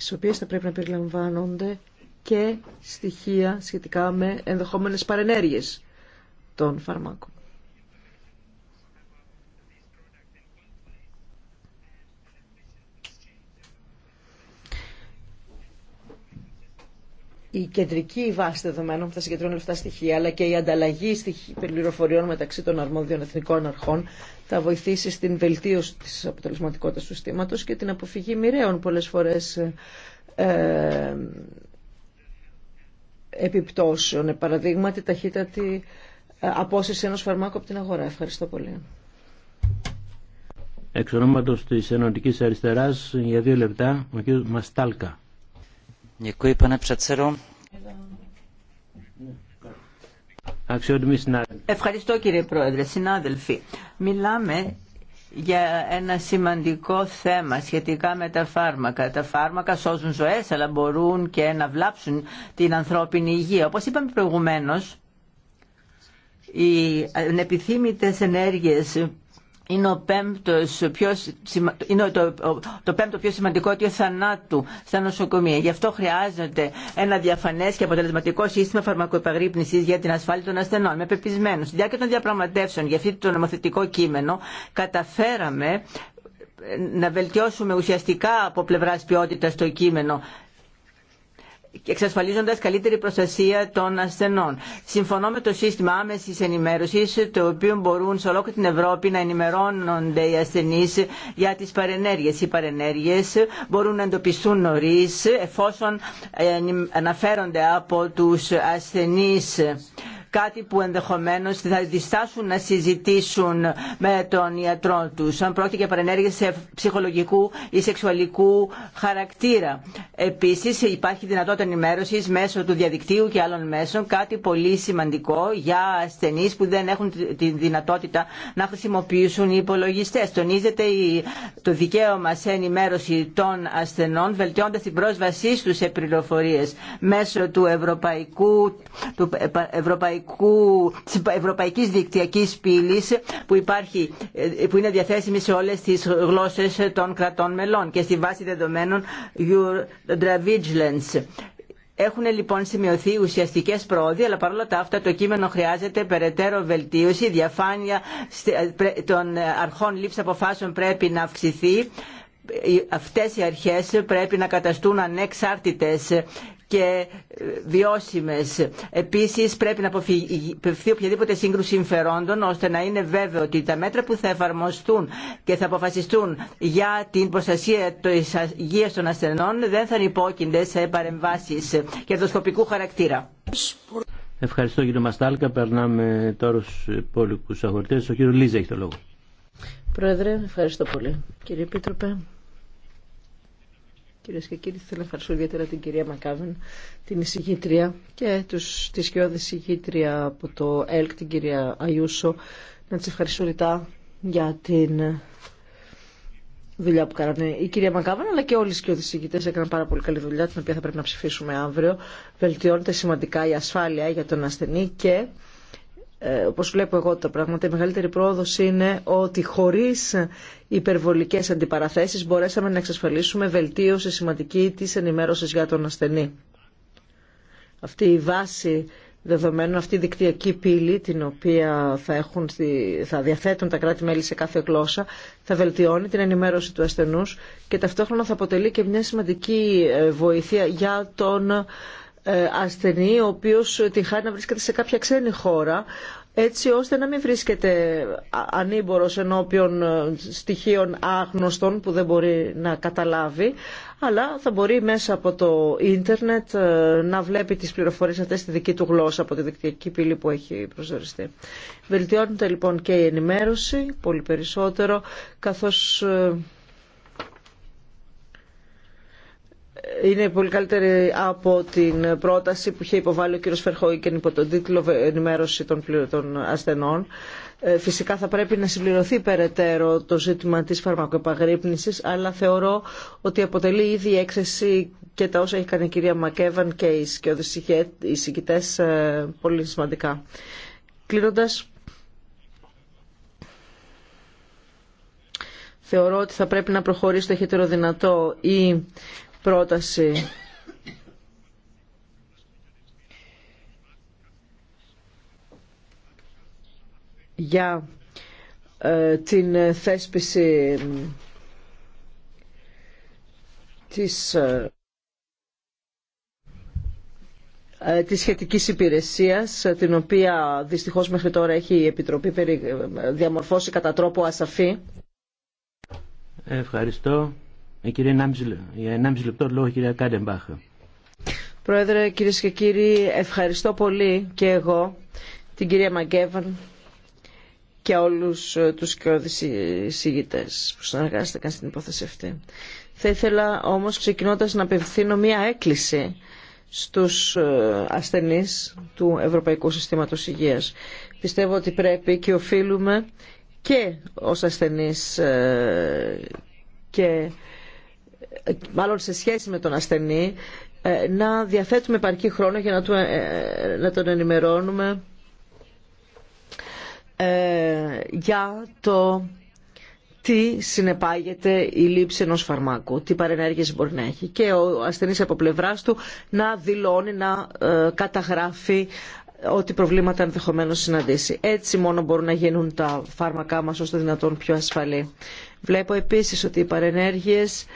τις οποίες θα πρέπει να περιλαμβάνονται και στοιχεία σχετικά με ενδεχομένε παρενέργειες των φαρμάκων. η κεντρική βάση δεδομένων που θα συγκεντρώνει αυτά τα στοιχεία, αλλά και η ανταλλαγή πληροφοριών μεταξύ των αρμόδιων εθνικών αρχών, θα βοηθήσει στην βελτίωση της αποτελεσματικότητας του συστήματος και την αποφυγή μοιραίων πολλές φορές ε, επιπτώσεων. Ε, παραδείγματι, ταχύτατη ε, απόσυρση ενός φαρμάκου από την αγορά. Ευχαριστώ πολύ. Εξ ονόματος της Ενωτικής Αριστεράς, για δύο λεπτά, ο κ. Μαστάλκα. Ευχαριστώ κύριε Πρόεδρε. Συνάδελφοι, μιλάμε για ένα σημαντικό θέμα σχετικά με τα φάρμακα. Τα φάρμακα σώζουν ζωές αλλά μπορούν και να βλάψουν την ανθρώπινη υγεία. Όπως είπαμε προηγουμένως, οι ανεπιθύμητες ενέργειες είναι, ο πέμπτος πιο, είναι το, το πέμπτο πιο σημαντικό ο θανάτου στα νοσοκομεία. Γι' αυτό χρειάζεται ένα διαφανέ και αποτελεσματικό σύστημα φαρμακοεπαγρύπνηση για την ασφάλεια των ασθενών. Με πεπισμένο, Στη διάρκεια των διαπραγματεύσεων για αυτό το νομοθετικό κείμενο, καταφέραμε να βελτιώσουμε ουσιαστικά από πλευρά ποιότητα το κείμενο εξασφαλίζοντας καλύτερη προστασία των ασθενών. Συμφωνώ με το σύστημα άμεσης ενημέρωσης, το οποίο μπορούν σε ολόκληρη την Ευρώπη να ενημερώνονται οι ασθενείς για τις παρενέργειες. Οι παρενέργειες μπορούν να εντοπιστούν νωρίς, εφόσον ε, αναφέρονται από τους ασθενείς κάτι που ενδεχομένως θα διστάσουν να συζητήσουν με τον ιατρό τους, αν πρόκειται για παρενέργεια σε ψυχολογικού ή σεξουαλικού χαρακτήρα. Επίσης υπάρχει δυνατότητα ενημέρωσης μέσω του διαδικτύου και άλλων μέσων, κάτι πολύ σημαντικό για ασθενείς που δεν έχουν τη δυνατότητα να χρησιμοποιήσουν οι υπολογιστές. Τονίζεται το δικαίωμα σε ενημέρωση των ασθενών, βελτιώντας την πρόσβασή τους σε πληροφορίες μέσω του ευρωπαϊκού, του ε, ευρωπαϊκού ευρωπαϊκού, της ευρωπαϊκής δικτυακής πύλης που, υπάρχει, ε, που είναι διαθέσιμη σε όλες τις γλώσσες των κρατών μελών και στη βάση δεδομένων Eurodravigilance. Έχουν λοιπόν σημειωθεί ουσιαστικέ πρόοδοι, αλλά παρόλα τα αυτά το κείμενο χρειάζεται περαιτέρω βελτίωση. Η διαφάνεια ε, των αρχών λήψη αποφάσεων πρέπει να αυξηθεί. Αυτές οι αρχές πρέπει να καταστούν ανεξάρτητες και ε, βιώσιμες. Επίσης πρέπει να αποφευθεί οποιαδήποτε σύγκρουση συμφερόντων ώστε να είναι βέβαιο ότι τα μέτρα που θα εφαρμοστούν και θα αποφασιστούν για την προστασία της υγείας των ασθενών δεν θα υπόκεινται σε παρεμβάσεις κερδοσκοπικού χαρακτήρα. Ευχαριστώ κύριο Μαστάλκα. Περνάμε τώρα στους υπόλοιπους αγορητές. Ο κύριο Λίζα έχει το λόγο. Πρόεδρε, ευχαριστώ πολύ. Κύριε Επίτροπε. Κυρίε και κύριοι, θέλω να ευχαριστώ ιδιαίτερα την κυρία Μακάβεν, την εισηγήτρια και τους, τη σκιώδη εισηγήτρια από το ΕΛΚ, την κυρία Αϊούσο. Να τι ευχαριστώ ρητά για την δουλειά που κάνανε η κυρία Μακάβεν, αλλά και όλοι οι σκιώδη εισηγητέ έκαναν πάρα πολύ καλή δουλειά, την οποία θα πρέπει να ψηφίσουμε αύριο. Βελτιώνεται σημαντικά η ασφάλεια για τον ασθενή και ε, όπως βλέπω εγώ τα πράγματα, η μεγαλύτερη πρόοδος είναι ότι χωρίς υπερβολικές αντιπαραθέσεις μπορέσαμε να εξασφαλίσουμε βελτίωση σημαντική της ενημέρωσης για τον ασθενή. Αυτή η βάση δεδομένου, αυτή η δικτυακή πύλη την οποία θα, έχουν, θα διαθέτουν τα κράτη-μέλη σε κάθε γλώσσα θα βελτιώνει την ενημέρωση του ασθενούς και ταυτόχρονα θα αποτελεί και μια σημαντική ε, βοήθεια για τον ε, ασθενή ο οποίος τη να βρίσκεται σε κάποια ξένη χώρα έτσι ώστε να μην βρίσκεται ανήμπορος ενώπιον ε, στοιχείων άγνωστων που δεν μπορεί να καταλάβει αλλά θα μπορεί μέσα από το ίντερνετ ε, να βλέπει τις πληροφορίες αυτές στη δική του γλώσσα από τη δικτυακή πύλη που έχει προσδοριστεί. Βελτιώνεται λοιπόν και η ενημέρωση πολύ περισσότερο καθώς είναι πολύ καλύτερη από την πρόταση που είχε υποβάλει ο κύριος Φερχόικεν υπό τον τίτλο «Ενημέρωση των ασθενών». Ε, φυσικά θα πρέπει να συμπληρωθεί περαιτέρω το ζήτημα της φαρμακοεπαγρύπνησης, αλλά θεωρώ ότι αποτελεί ήδη η έκθεση και τα όσα έχει κάνει η κυρία Μακέβαν και οι συγκητές ε, πολύ σημαντικά. Κλείνοντας, θεωρώ ότι θα πρέπει να προχωρήσει το δυνατό η πρόταση για ε, την θέσπιση της, ε, ε, της σχετικής υπηρεσίας, την οποία δυστυχώς μέχρι τώρα έχει η Επιτροπή διαμορφώσει κατά τρόπο ασαφή. Ευχαριστώ. Ε, κύριε, 1,5 λεπτό λόγο κυρία Κάντεμπαχ. Πρόεδρε, κυρίε και κύριοι, ευχαριστώ πολύ και εγώ την κυρία Μαγκέβαν και όλους ε, τους συγητές που συνεργάστηκαν στην υπόθεση αυτή. Θα ήθελα όμως ξεκινώντας να απευθύνω μία έκκληση στους ε, ασθενείς του Ευρωπαϊκού Συστήματος Υγείας. Πιστεύω ότι πρέπει και οφείλουμε και ως ασθενείς ε, και μάλλον σε σχέση με τον ασθενή, ε, να διαθέτουμε επαρκή χρόνο για να, ε, να τον ενημερώνουμε ε, για το τι συνεπάγεται η λήψη ενός φαρμάκου, τι παρενέργειες μπορεί να έχει και ο ασθενής από πλευράς του να δηλώνει, να καταγράφει ό,τι προβλήματα ενδεχομένω συναντήσει. Έτσι μόνο μπορούν να γίνουν τα φάρμακά μας όσο δυνατόν πιο ασφαλή. Βλέπω επίσης ότι οι παρενέργειες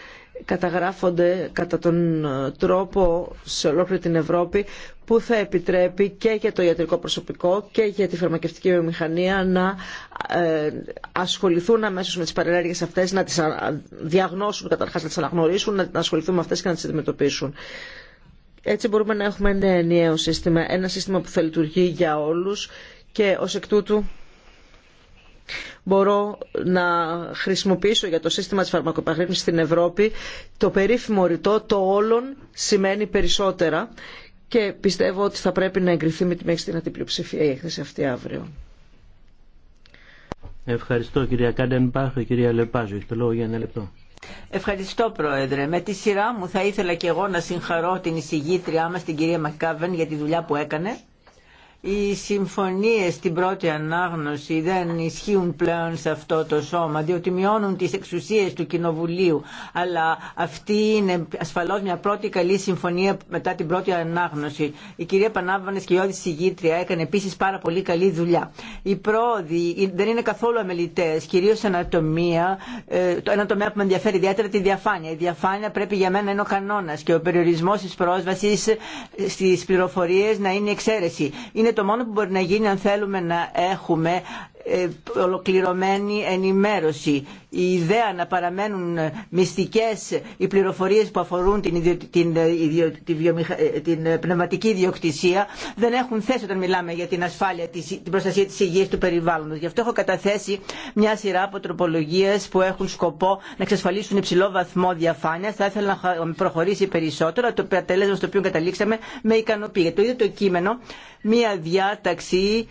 καταγράφονται κατά τον ε, τρόπο σε ολόκληρη την Ευρώπη που θα επιτρέπει και για το ιατρικό προσωπικό και για τη φαρμακευτική βιομηχανία να ε, ασχοληθούν αμέσω με τι παρενέργειε αυτέ, να τι διαγνώσουν καταρχά, να τι αναγνωρίσουν, να ασχοληθούν με αυτέ και να τι αντιμετωπίσουν. Έτσι μπορούμε να έχουμε ένα ενιαίο σύστημα, ένα σύστημα που θα λειτουργεί για όλου και ω εκ τούτου μπορώ να χρησιμοποιήσω για το σύστημα της φαρμακοπαγρύπνησης στην Ευρώπη το περίφημο ρητό το όλων σημαίνει περισσότερα και πιστεύω ότι θα πρέπει να εγκριθεί με τη στιγμή την πλειοψηφία η έκθεση αυτή αύριο. Ευχαριστώ κυρία Κάντεμπαχ, κυρία Λεπάζου. το λόγο για ένα λεπτό. Ευχαριστώ Πρόεδρε. Με τη σειρά μου θα ήθελα και εγώ να συγχαρώ την εισηγήτριά μας την κυρία Μακάβεν για τη δουλειά που έκανε οι συμφωνίες στην πρώτη ανάγνωση δεν ισχύουν πλέον σε αυτό το σώμα διότι μειώνουν τις εξουσίες του Κοινοβουλίου αλλά αυτή είναι ασφαλώς μια πρώτη καλή συμφωνία μετά την πρώτη ανάγνωση. Η κυρία Πανάβανες και η Όδη Συγήτρια έκανε επίσης πάρα πολύ καλή δουλειά. Οι πρόοδοι δεν είναι καθόλου αμελητές, κυρίως ανατομία, ε, το ένα τομέα που με ενδιαφέρει ιδιαίτερα τη διαφάνεια. Η διαφάνεια πρέπει για μένα είναι ο κανόνας και ο περιορισμός της πρόσβαση στις πληροφορίες να είναι εξαίρεση το μόνο που μπορεί να γίνει αν θέλουμε να έχουμε ε, ολοκληρωμένη ενημέρωση. Η ιδέα να παραμένουν μυστικές οι πληροφορίες που αφορούν την, την, ε, ε, την πνευματική ιδιοκτησία δεν έχουν θέση όταν μιλάμε για την ασφάλεια, την προστασία της υγείας του περιβάλλοντος. Γι' αυτό έχω καταθέσει μια σειρά από τροπολογίες που έχουν σκοπό να εξασφαλίσουν υψηλό βαθμό διαφάνειας. Θα ήθελα να προχωρήσει περισσότερο, το αποτέλεσμα στο οποίο καταλήξαμε με ικανοποιεί. Το ίδιο το κείμενο, μια διάταξη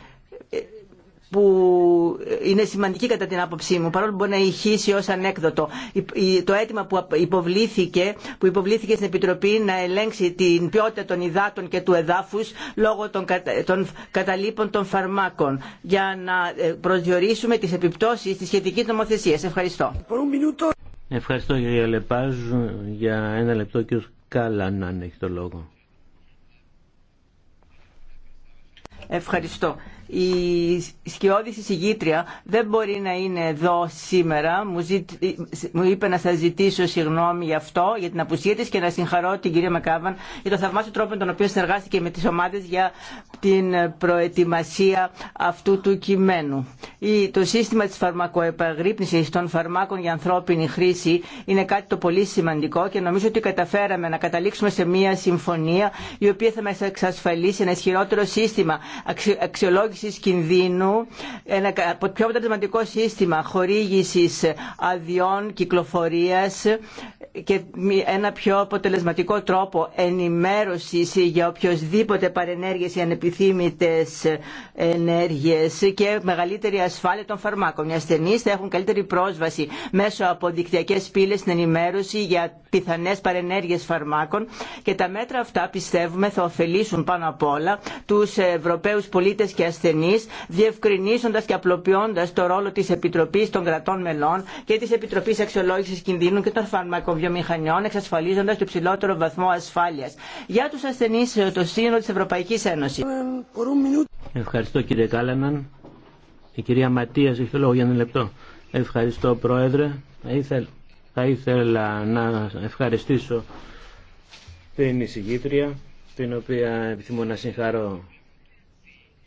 που είναι σημαντική κατά την άποψή μου, παρόλο που μπορεί να ηχήσει ως ανέκδοτο. Το αίτημα που υποβλήθηκε, που υποβλήθηκε στην Επιτροπή να ελέγξει την ποιότητα των υδάτων και του εδάφους λόγω των καταλήπων των φαρμάκων για να ε, προσδιορίσουμε τις επιπτώσεις της σχετικής νομοθεσίας. Ευχαριστώ. Ευχαριστώ κύριε Λεπάζ. Για ένα λεπτό κύριο να έχει το λόγο. Ευχαριστώ η σκιώδηση συγγήτρια δεν μπορεί να είναι εδώ σήμερα. Μου, μου είπε να σα ζητήσω συγγνώμη γι' αυτό, για την απουσία τη και να συγχαρώ την κυρία Μακάβαν για το θαυμάσιο τρόπο με τον οποίο συνεργάστηκε με τι ομάδε για την προετοιμασία αυτού του κειμένου. Το σύστημα τη φαρμακοεπαγρύπνησης των φαρμάκων για ανθρώπινη χρήση είναι κάτι το πολύ σημαντικό και νομίζω ότι καταφέραμε να καταλήξουμε σε μια συμφωνία η οποία θα μα εξασφαλίσει ένα ισχυρότερο σύστημα αξιολόγηση αξιολόγησης κινδύνου, ένα πιο αποτελεσματικό σύστημα χορήγηση αδειών κυκλοφορία και ένα πιο αποτελεσματικό τρόπο ενημέρωση για οποιοδήποτε παρενέργειε ή ανεπιθύμητε ενέργειε και μεγαλύτερη ασφάλεια των φαρμάκων. Οι ασθενεί θα έχουν καλύτερη πρόσβαση μέσω από δικτυακέ πύλε στην ενημέρωση για πιθανέ παρενέργειε φαρμάκων και τα μέτρα αυτά πιστεύουμε θα ωφελήσουν πάνω απ' όλα του Ευρωπαίου πολίτε και ασθενεί ασθενείς, διευκρινίζοντας και απλοποιώντας το ρόλο της Επιτροπής των κρατών μελών και της Επιτροπής Αξιολόγησης Κινδύνου και των φαρμακοβιομηχανιών, εξασφαλίζοντας το ψηλότερο βαθμό ασφάλειας. Για τους ασθενείς το σύνολο της Ευρωπαϊκής Ένωσης. Ευχαριστώ κύριε Κάλεμαν. Η κυρία Ματίας έχει λόγο για ένα λεπτό. Ευχαριστώ Πρόεδρε. Θα ήθελα να ευχαριστήσω την εισηγήτρια την οποία επιθυμώ να συγχαρώ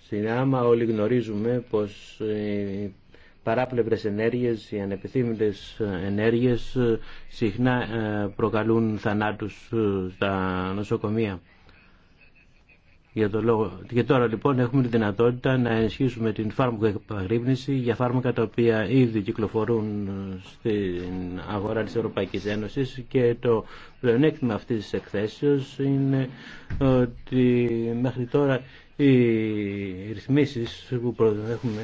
στην άμα όλοι γνωρίζουμε πως οι παράπλευρες ενέργειες, οι ανεπιθύμητες ενέργειες συχνά ε, προκαλούν θανάτους ε, στα νοσοκομεία. Για το λόγο. Και τώρα λοιπόν έχουμε τη δυνατότητα να ενισχύσουμε την φάρμακο επαγρύπνηση για φάρμακα τα οποία ήδη κυκλοφορούν ε, στην αγορά της Ευρωπαϊκής Ένωσης και το πλεονέκτημα αυτής της εκθέσεως είναι ότι μέχρι τώρα οι ρυθμίσεις που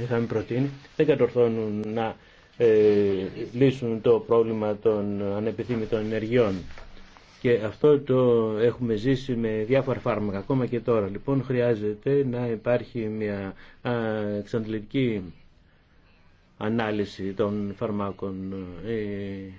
είχαμε προτείνει δεν κατορθώνουν να ε, λύσουν το πρόβλημα των ανεπιθύμητων ενεργειών. Και αυτό το έχουμε ζήσει με διάφορα φάρμακα, ακόμα και τώρα. Λοιπόν, χρειάζεται να υπάρχει μια εξαντλητική ανάλυση των φαρμάκων. Ε,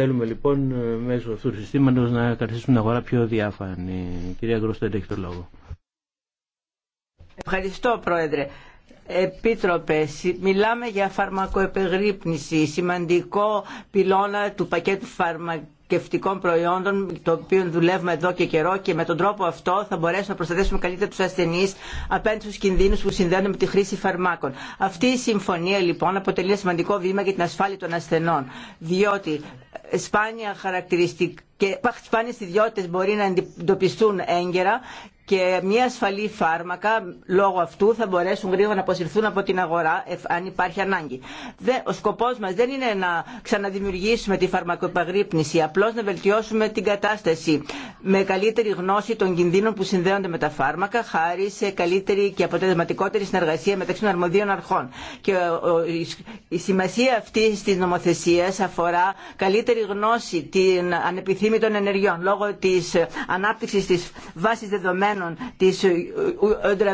Θέλουμε λοιπόν ε, μέσω αυτού του συστήματος να καθίσουμε την αγορά πιο διάφανη. Κυρία Γκροστέντε, έχει το λόγο. Ευχαριστώ Πρόεδρε. Επίτροπε, μιλάμε για φαρμακοεπεγρύπνηση, σημαντικό πυλώνα του πακέτου φαρμακοεπεγρύπνησης φυτικών προϊόντων, το οποίο δουλεύουμε εδώ και καιρό και με τον τρόπο αυτό θα μπορέσουμε να προστατεύσουμε καλύτερα του ασθενεί απέναντι στου κινδύνου που συνδέονται με τη χρήση φαρμάκων. Αυτή η συμφωνία λοιπόν αποτελεί ένα σημαντικό βήμα για την ασφάλεια των ασθενών, διότι σπάνια χαρακτηριστικά και σπάνιε ιδιότητε μπορεί να εντοπιστούν έγκαιρα και μια ασφαλή φάρμακα λόγω αυτού θα μπορέσουν γρήγορα να αποσυρθούν από την αγορά αν υπάρχει ανάγκη. Ο σκοπός μας δεν είναι να ξαναδημιουργήσουμε τη φαρμακοπαγρύπνηση, απλώς να βελτιώσουμε την κατάσταση με καλύτερη γνώση των κινδύνων που συνδέονται με τα φάρμακα χάρη σε καλύτερη και αποτελεσματικότερη συνεργασία μεταξύ των αρμοδίων αρχών. Και η σημασία αυτή τη νομοθεσία αφορά καλύτερη γνώση των ανεπιθύμητων ενεργειών λόγω τη ανάπτυξη τη βάση δεδομένων οργάνων της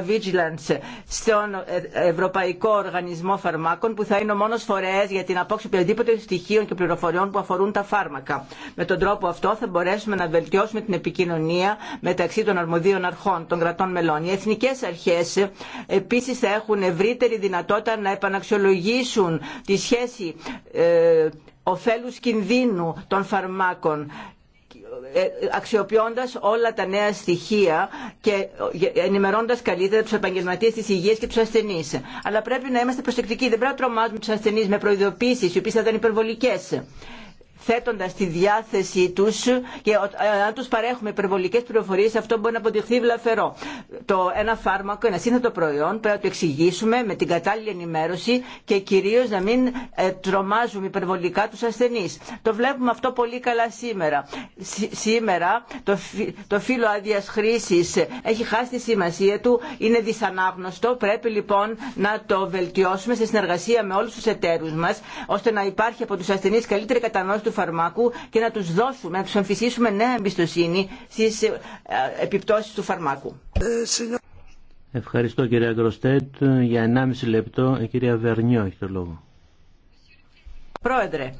Vigilance στον Ευρωπαϊκό Οργανισμό Φαρμάκων που θα είναι ο μόνος φορέας για την απόξη οποιαδήποτε στοιχείων και πληροφοριών που αφορούν τα φάρμακα. Με τον τρόπο αυτό θα μπορέσουμε να βελτιώσουμε την επικοινωνία μεταξύ των αρμοδίων αρχών των κρατών μελών. Οι εθνικές αρχές επίσης θα έχουν ευρύτερη δυνατότητα να επαναξιολογήσουν τη σχέση ε, ωφέλους κινδύνου των φαρμάκων ε, αξιοποιώντας όλα τα νέα στοιχεία και ε, ενημερώντας καλύτερα τους επαγγελματίες της υγείας και τους ασθενείς. Αλλά πρέπει να είμαστε προσεκτικοί, δεν πρέπει να τρομάζουμε τους ασθενείς με προειδοποίησεις οι οποίες θα ήταν υπερβολικές. Θέτοντα τη διάθεση του και ε, αν του παρέχουμε υπερβολικέ πληροφορίε, αυτό μπορεί να αποδειχθεί βλαφερό. Το ένα φάρμακο, ένα σύνθετο προϊόν πρέπει να το εξηγήσουμε με την κατάλληλη ενημέρωση και κυρίω να μην ε, τρομάζουμε υπερβολικά του ασθενεί. Το βλέπουμε αυτό πολύ καλά σήμερα. Σήμερα το, το φύλλο άδεια χρήση έχει χάσει τη σημασία του, είναι δυσανάγνωστο. Πρέπει λοιπόν να το βελτιώσουμε σε συνεργασία με όλου του εταίρου μα, ώστε να υπάρχει από του ασθενεί καλύτερη κατανόηση φαρμάκου και να τους δώσουμε, να τους εμφυσίσουμε νέα εμπιστοσύνη στις ε, επιπτώσεις του φαρμάκου. Ευχαριστώ κυρία Γκροστέτ. Για 1,5 λεπτό η κυρία Βερνιό έχει το λόγο. Πρόεδρε,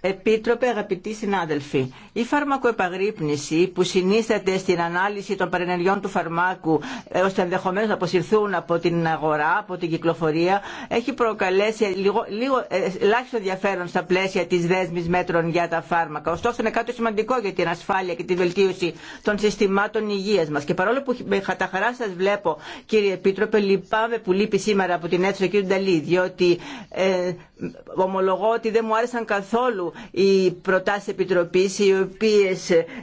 Επίτροπε, αγαπητοί συνάδελφοι, η φαρμακοεπαγρύπνηση που συνίσταται στην ανάλυση των παρενεργειών του φαρμάκου ε, ώστε ενδεχομένω να αποσυρθούν από την αγορά, από την κυκλοφορία, έχει προκαλέσει λίγο, λίγο ε, ελάχιστο ενδιαφέρον στα πλαίσια τη δέσμη μέτρων για τα φάρμακα. Ωστόσο, είναι κάτι σημαντικό για την ασφάλεια και τη βελτίωση των συστημάτων υγεία μα. Και παρόλο που με χαταχαρά σα βλέπω, κύριε Επίτροπε, λυπάμαι που λείπει σήμερα από την αίθουσα κ. Νταλή, διότι ε, ομολογώ ότι δεν μου άρεσαν καθόλου οι προτάσει επιτροπή οι οποίε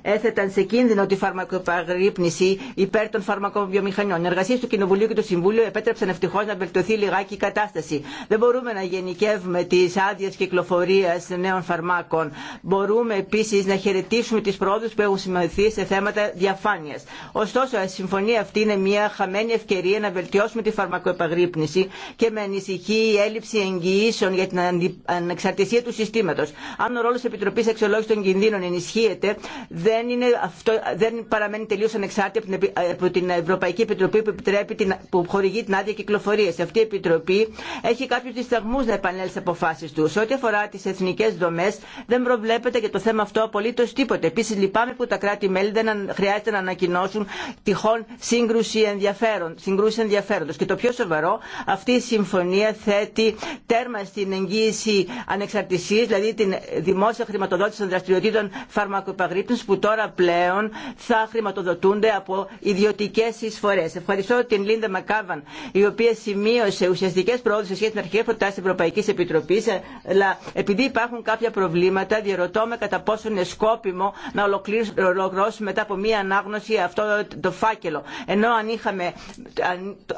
έθεταν σε κίνδυνο τη φαρμακοπαγρύπνηση υπέρ των φαρμακοβιομηχανιών. Οι εργασίε του Κοινοβουλίου και του Συμβούλου επέτρεψαν ευτυχώ να βελτιωθεί λιγάκι η κατάσταση. Δεν μπορούμε να γενικεύουμε τι άδειε κυκλοφορία νέων φαρμάκων. Μπορούμε επίση να χαιρετήσουμε τι πρόοδου που έχουν σημειωθεί σε θέματα διαφάνεια. Ωστόσο, η συμφωνία αυτή είναι μια χαμένη ευκαιρία να βελτιώσουμε τη φαρμακοεπαγρύπνηση και με ανησυχεί η έλλειψη εγγυήσεων για την ανεξαρτησία του συστήματο αν ο ρόλο τη Επιτροπή Αξιολόγηση των Κινδύνων ενισχύεται, δεν, είναι αυτό, δεν παραμένει τελείω ανεξάρτητη ε, από την, Ευρωπαϊκή Επιτροπή που, επιτρέπει την, που χορηγεί την άδεια κυκλοφορία. Αυτή η Επιτροπή έχει κάποιου δισταγμού να επανέλθει στι αποφάσει του. Σε ό,τι αφορά τι εθνικέ δομέ, δεν προβλέπεται για το θέμα αυτό απολύτω τίποτε. Επίση, λυπάμαι που τα κράτη-μέλη δεν χρειάζεται να ανακοινώσουν τυχόν σύγκρουση ενδιαφέρον, συγκρούση ενδιαφέροντο. Και το πιο σοβαρό, αυτή η συμφωνία θέτει τέρμα στην εγγύηση ανεξαρτησία, δηλαδή την δημόσια χρηματοδότηση των δραστηριοτήτων φαρμακοπαγρύπνους που τώρα πλέον θα χρηματοδοτούνται από ιδιωτικές εισφορές. Ευχαριστώ την Λίντα Μακάβαν η οποία σημείωσε ουσιαστικές πρόοδους σε σχέση με αρχική προτάσεις της Ευρωπαϊκής Επιτροπής αλλά επειδή υπάρχουν κάποια προβλήματα διαρωτώ με κατά πόσο είναι σκόπιμο να ολοκληρώσουμε μετά από μία ανάγνωση αυτό το φάκελο. Ενώ αν, είχαμε,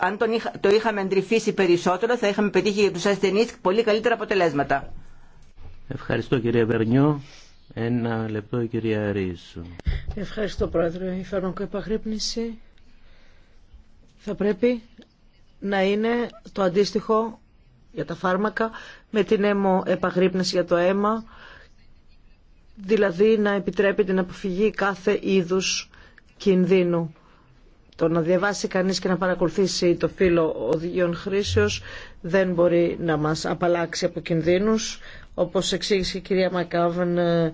αν, είχα, το είχαμε εντρυφήσει περισσότερο θα είχαμε πετύχει για τους πολύ καλύτερα αποτελέσματα. Ευχαριστώ κυρία Βερνιό. Ένα λεπτό κυρία Ρίσου. Ευχαριστώ πρόεδρε. Η φαρμακοεπαγρύπνηση θα πρέπει να είναι το αντίστοιχο για τα φάρμακα με την αιμοεπαγρύπνηση για το αίμα, δηλαδή να επιτρέπει την αποφυγή κάθε είδους κινδύνου. Το να διαβάσει κανείς και να παρακολουθήσει το φύλλο οδηγιών χρήσεως δεν μπορεί να μας απαλλάξει από κινδύνους όπως εξήγησε η κυρία Μακάβεν ε,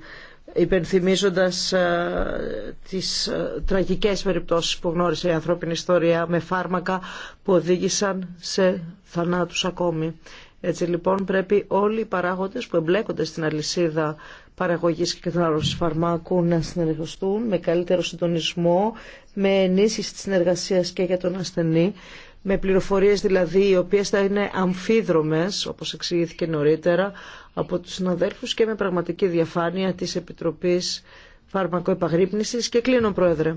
υπενθυμίζοντας ε, τις ε, τραγικές περιπτώσεις που γνώρισε η ανθρώπινη ιστορία με φάρμακα που οδήγησαν σε θανάτους ακόμη. Έτσι λοιπόν πρέπει όλοι οι παράγοντες που εμπλέκονται στην αλυσίδα παραγωγής και κατανάλωσης φαρμάκου να συνεργαστούν με καλύτερο συντονισμό, με ενίσχυση της συνεργασίας και για τον ασθενή, με πληροφορίες δηλαδή οι οποίες θα είναι αμφίδρομες, όπως εξηγήθηκε νωρίτερα, από τους συναδέλφους και με πραγματική διαφάνεια της Επιτροπής Φαρμακοεπαγρύπνησης και κλείνω Πρόεδρε.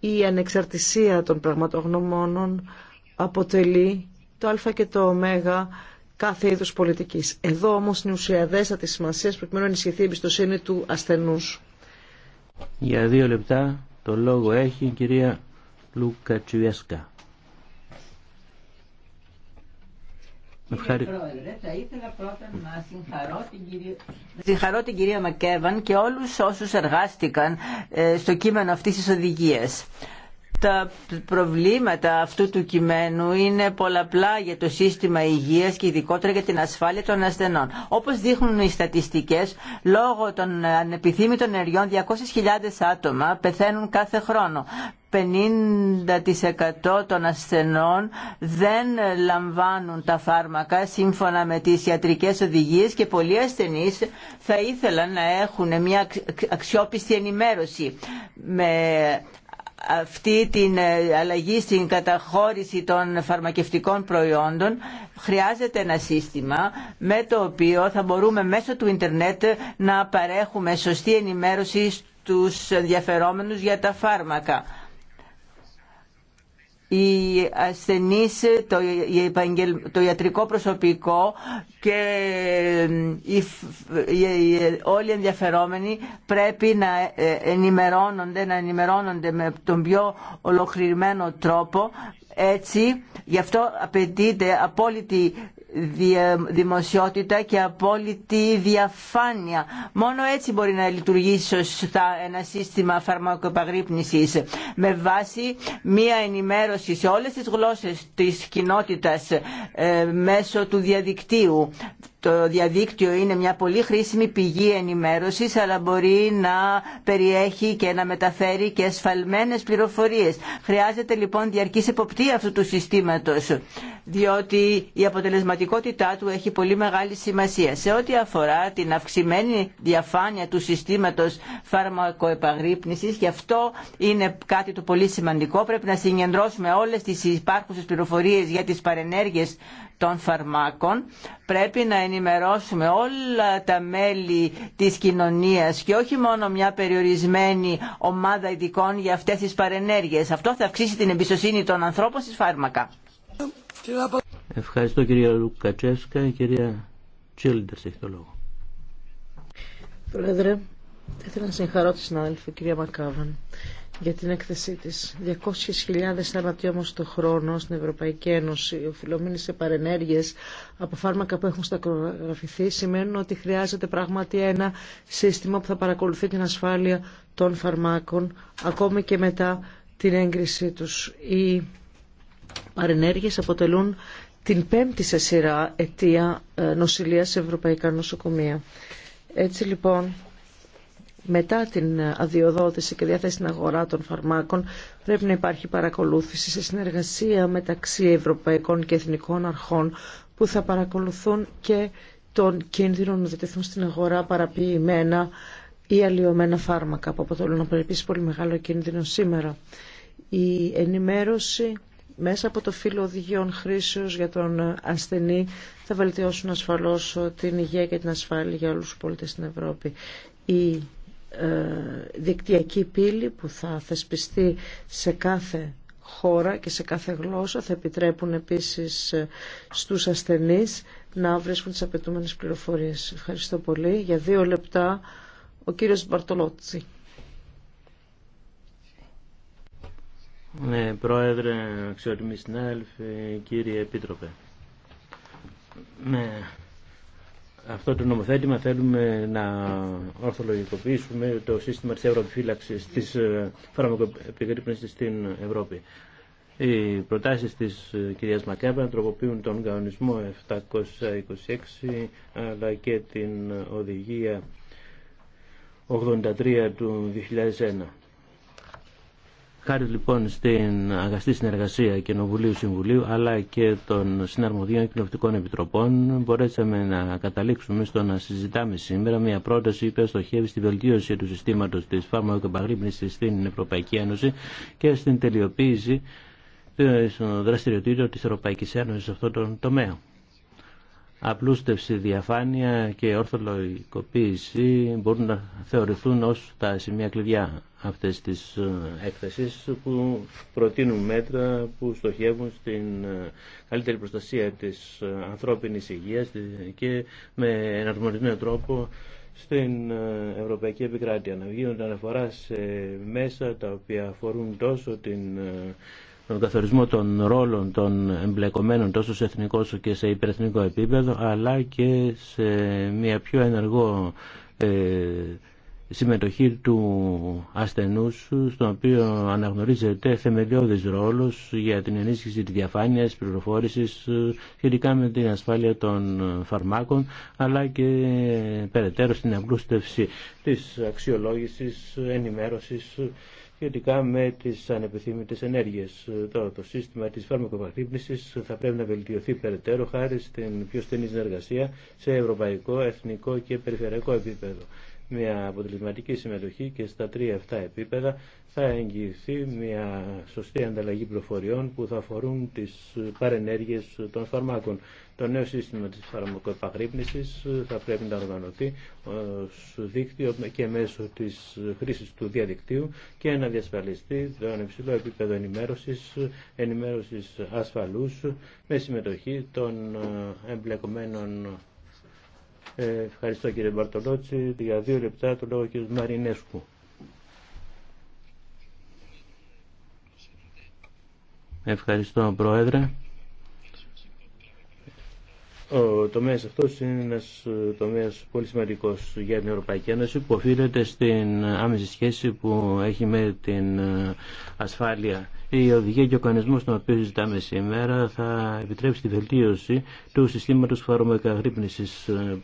Η ανεξαρτησία των πραγματογνωμόνων αποτελεί το α και το ω κάθε είδους πολιτικής. Εδώ όμως είναι ουσιαδέστα τη σημασία προκειμένου να ενισχυθεί η εμπιστοσύνη του ασθενούς. Για δύο λεπτά το λόγο έχει η κυρία Ευχαρι... Πρόεδρε, θα ήθελα πρώτα να συγχαρώ την κυρία, συγχαρώ την κυρία Μακέβαν και όλους όσους εργάστηκαν ε, στο κείμενο αυτής της οδηγίας τα προβλήματα αυτού του κειμένου είναι πολλαπλά για το σύστημα υγείας και ειδικότερα για την ασφάλεια των ασθενών. Όπως δείχνουν οι στατιστικές, λόγω των ανεπιθύμητων ενεργειών 200.000 άτομα πεθαίνουν κάθε χρόνο. 50% των ασθενών δεν λαμβάνουν τα φάρμακα σύμφωνα με τις ιατρικές οδηγίες και πολλοί ασθενείς θα ήθελαν να έχουν μια αξιόπιστη ενημέρωση με αυτή την ε, αλλαγή στην καταχώρηση των φαρμακευτικών προϊόντων χρειάζεται ένα σύστημα με το οποίο θα μπορούμε μέσω του ίντερνετ να παρέχουμε σωστή ενημέρωση στους διαφερόμενους για τα φάρμακα οι ασθενείς, το, ιατρικό προσωπικό και ε, οι, ε, ε, όλοι οι ενδιαφερόμενοι πρέπει να ενημερώνονται, να ενημερώνονται με τον πιο ολοκληρωμένο τρόπο. Έτσι, γι' αυτό απαιτείται απόλυτη δημοσιότητα και απόλυτη διαφάνεια. Μόνο έτσι μπορεί να λειτουργήσει σωστά ένα σύστημα φαρμακοπαγρύπνησης με βάση μία ενημέρωση σε όλες τις γλώσσες της κοινότητας ε, μέσω του διαδικτύου το διαδίκτυο είναι μια πολύ χρήσιμη πηγή ενημέρωσης αλλά μπορεί να περιέχει και να μεταφέρει και ασφαλμένες πληροφορίες. Χρειάζεται λοιπόν διαρκής εποπτεία αυτού του συστήματος διότι η αποτελεσματικότητά του έχει πολύ μεγάλη σημασία. Σε ό,τι αφορά την αυξημένη διαφάνεια του συστήματος φαρμακοεπαγρύπνησης γι' αυτό είναι κάτι το πολύ σημαντικό. Πρέπει να συγκεντρώσουμε όλες τις υπάρχουσες πληροφορίες για τις παρενέργειες των φαρμάκων πρέπει να ενημερώσουμε όλα τα μέλη της κοινωνίας και όχι μόνο μια περιορισμένη ομάδα ειδικών για αυτές τις παρενέργειες. Αυτό θα αυξήσει την εμπιστοσύνη των ανθρώπων στις φάρμακα. Ευχαριστώ κυρία Λουκατσέσκα. Κυρία Τσίλντερ, έχει το λόγο. Πρόεδρε, θα ήθελα να συγχαρώ τη συνάδελφη κυρία Μακάβαν για την έκθεσή της. 200.000 θάνατοι όμως το χρόνο στην Ευρωπαϊκή Ένωση, οφειλόμενοι σε παρενέργειες από φάρμακα που έχουν στακρογραφηθεί, σημαίνουν ότι χρειάζεται πράγματι ένα σύστημα που θα παρακολουθεί την ασφάλεια των φαρμάκων, ακόμη και μετά την έγκρισή τους. Οι παρενέργειες αποτελούν την πέμπτη σε σειρά αιτία ε, νοσηλεία σε ευρωπαϊκά νοσοκομεία. Έτσι λοιπόν μετά την αδειοδότηση και διάθεση στην αγορά των φαρμάκων πρέπει να υπάρχει παρακολούθηση σε συνεργασία μεταξύ ευρωπαϊκών και εθνικών αρχών που θα παρακολουθούν και τον κίνδυνο να διατεθούν στην αγορά παραποιημένα ή αλλοιωμένα φάρμακα που αποτελούν απελπίσει πολύ μεγάλο κίνδυνο σήμερα. Η αλλοιωμενα φαρμακα που αποτελουν να περιπισει μέσα από το φύλλο οδηγιών χρήσεως για τον ασθενή θα βελτιώσουν ασφαλώς την υγεία και την ασφάλεια για όλους τους πολίτες στην Ευρώπη. Η ε, δικτυακή πύλη που θα θεσπιστεί σε κάθε χώρα και σε κάθε γλώσσα θα επιτρέπουν επίσης ε, στους ασθενείς να βρίσκουν τις απαιτούμενες πληροφορίες. Ευχαριστώ πολύ. Για δύο λεπτά ο κύριος Μπαρτολότσι. Ναι, πρόεδρε, αξιότιμοι συνάδελφοι, κύριε Επίτροπε. Ναι, αυτό το νομοθέτημα θέλουμε να ορθολογικοποιήσουμε το σύστημα της ευρωφύλαξης της ε, στην Ευρώπη. Οι προτάσεις της ε, κυρίας Μακέβα τροποποιούν τον κανονισμό 726 αλλά και την οδηγία 83 του 2001. Χάρη λοιπόν στην αγαστή συνεργασία Κοινοβουλίου Συμβουλίου αλλά και των συναρμοδίων κοινοβουλευτικών επιτροπών μπορέσαμε να καταλήξουμε στο να συζητάμε σήμερα μια πρόταση που αστοχεύει στοχεύει στη βελτίωση του συστήματος της φάρμακοπαγρύπνησης στην Ευρωπαϊκή Ένωση και στην τελειοποίηση των δραστηριοτήτων τη Ευρωπαϊκή Ένωση σε αυτόν τον τομέα απλούστευση, διαφάνεια και ορθολογικοποίηση μπορούν να θεωρηθούν ως τα σημεία κλειδιά αυτές της ε, έκθεσης που προτείνουν μέτρα που στοχεύουν στην ε, καλύτερη προστασία της ε, ανθρώπινης υγείας και με εναρμονισμένο τρόπο στην Ευρωπαϊκή Επικράτεια να γίνονται αναφορά σε μέσα τα οποία αφορούν τόσο την τον καθορισμό των ρόλων των εμπλεκομένων τόσο σε εθνικό όσο και σε υπερεθνικό επίπεδο αλλά και σε μια πιο ενεργό ε, συμμετοχή του ασθενούς στον οποίο αναγνωρίζεται θεμελιώδης ρόλος για την ενίσχυση της διαφάνειας, της πληροφόρησης ε, σχετικά με την ασφάλεια των φαρμάκων αλλά και περαιτέρω στην απλούστευση της αξιολόγησης, ενημέρωσης σχετικά με τις ανεπιθύμητες ενέργειες. Ε, το σύστημα της φαρμακοπαχνύπνησης θα πρέπει να βελτιωθεί περαιτέρω χάρη στην πιο στενή συνεργασία σε ευρωπαϊκό, εθνικό και περιφερειακό επίπεδο μια αποτελεσματική συμμετοχή και στα τρία 7 επίπεδα θα εγγυηθεί μια σωστή ανταλλαγή προφοριών που θα αφορούν τις παρενέργειες των φαρμάκων. Το νέο σύστημα της φαρμακοεπαγρύπνησης θα πρέπει να οργανωθεί ως δίκτυο και μέσω της χρήσης του διαδικτύου και να διασφαλιστεί το υψηλό επίπεδο ενημέρωσης, ενημέρωσης ασφαλούς με συμμετοχή των εμπλεκομένων ε, ευχαριστώ κύριε Μπαρτολότσι. Για δύο λεπτά το λόγο κύριος Μαρινέσκου. Ευχαριστώ Πρόεδρε. Ο τομέας αυτός είναι ένας ε, τομέας πολύ σημαντικός για την Ευρωπαϊκή Ένωση που οφείλεται στην άμεση σχέση που έχει με την ε, ασφάλεια η οδηγία και ο κανονισμό τον οποίο συζητάμε σήμερα θα επιτρέψει τη βελτίωση του συστήματο φαρμακαγρύπνηση.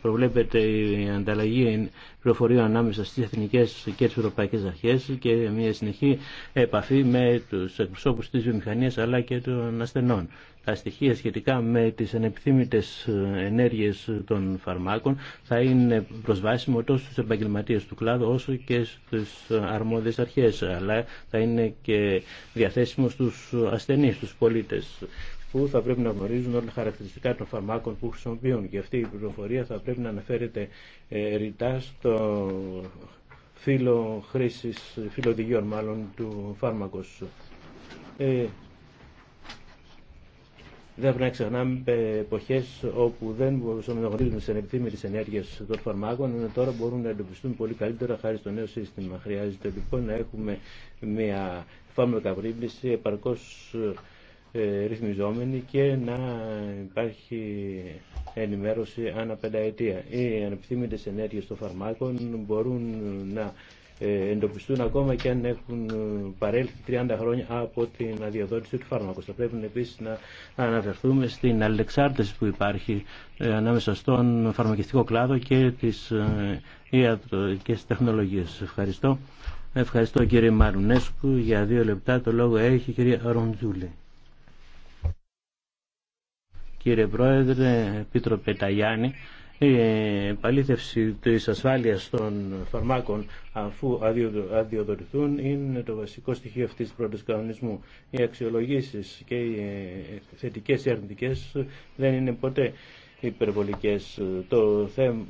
Προβλέπεται η ανταλλαγή πληροφοριών ανάμεσα στι εθνικέ και τι ευρωπαϊκέ αρχέ και μια συνεχή επαφή με του εκπροσώπου τη βιομηχανία αλλά και των ασθενών τα στοιχεία σχετικά με τις ανεπιθύμητες ε, ενέργειες των φαρμάκων θα είναι προσβάσιμο τόσο στους επαγγελματίες του κλάδου όσο και στις αρμόδιες αρχές αλλά θα είναι και διαθέσιμο στους ασθενείς, στους πολίτες που θα πρέπει να γνωρίζουν όλα τα χαρακτηριστικά των φαρμάκων που χρησιμοποιούν και αυτή η πληροφορία θα πρέπει να αναφέρεται ε, ρητά στο φύλλο χρήσης, φύλλο μάλλον του φάρμακος. Ε, δεν πρέπει να ξεχνάμε εποχέ όπου δεν μπορούσαμε να γνωρίζουμε τι ανεπιθύμητε ενέργειε των φαρμάκων, ενώ τώρα μπορούν να εντοπιστούν πολύ καλύτερα χάρη στο νέο σύστημα. Χρειάζεται λοιπόν να έχουμε μια φάρμακαπρίμπηση επαρκώ ε, ρυθμιζόμενη και να υπάρχει ενημέρωση ανά πενταετία. Οι ανεπιθύμητε ενέργειες των φαρμάκων μπορούν να ε, εντοπιστούν ακόμα και αν έχουν ε, παρέλθει 30 χρόνια από την αδειοδότηση του φάρμακου. Θα πρέπει επίσης να αναφερθούμε στην αλληλεξάρτηση που υπάρχει ε, ανάμεσα στον φαρμακευτικό κλάδο και τις, και τεχνολογίες. Ευχαριστώ. Ευχαριστώ κύριε Μαρουνέσκου. Για δύο λεπτά το λόγο έχει η κυρία Ροντζούλη. Κύριε Πρόεδρε, Πίτρο Πεταγιάννη, η επαλήθευση της ασφάλειας των φαρμάκων αφού αδειοδοτηθούν είναι το βασικό στοιχείο αυτής της πρώτης κανονισμού. Οι αξιολογήσεις και οι ε, θετικές ή αρνητικές δεν είναι ποτέ υπερβολικές. Το θέμα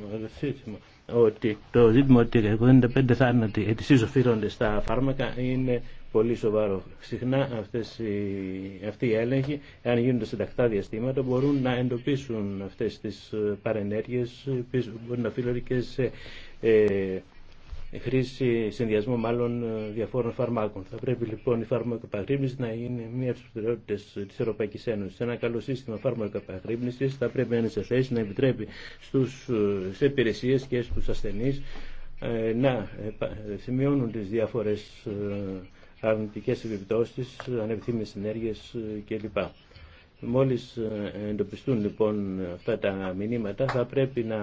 ότι το ζήτημα ότι 55 θάνατοι ετησίως οφείλονται στα φάρμακα είναι πολύ σοβαρό. Συχνά αυτές οι, αυτοί οι έλεγχοι, αν γίνονται σε τακτά διαστήματα, μπορούν να εντοπίσουν αυτές τις ε, παρενέργειες, που μπορεί να οφείλονται και σε ε, χρήση, συνδυασμό μάλλον ε, διαφόρων φαρμάκων. Θα πρέπει λοιπόν η φαρμακοπαγρύπνηση να είναι μία από τι προτεραιότητε τη Ευρωπαϊκής Ένωσης. Ένα καλό σύστημα φαρμακοπαγρύπνησης θα πρέπει να είναι σε θέση να επιτρέπει στους, ε, σε υπηρεσίε και στους ασθενείς να σημειώνουν τις διάφορες αρνητικές επιπτώσεις, ανεπιθύμιες συνέργειες ε, κλπ. Μόλις ε, εντοπιστούν λοιπόν αυτά τα μηνύματα θα πρέπει να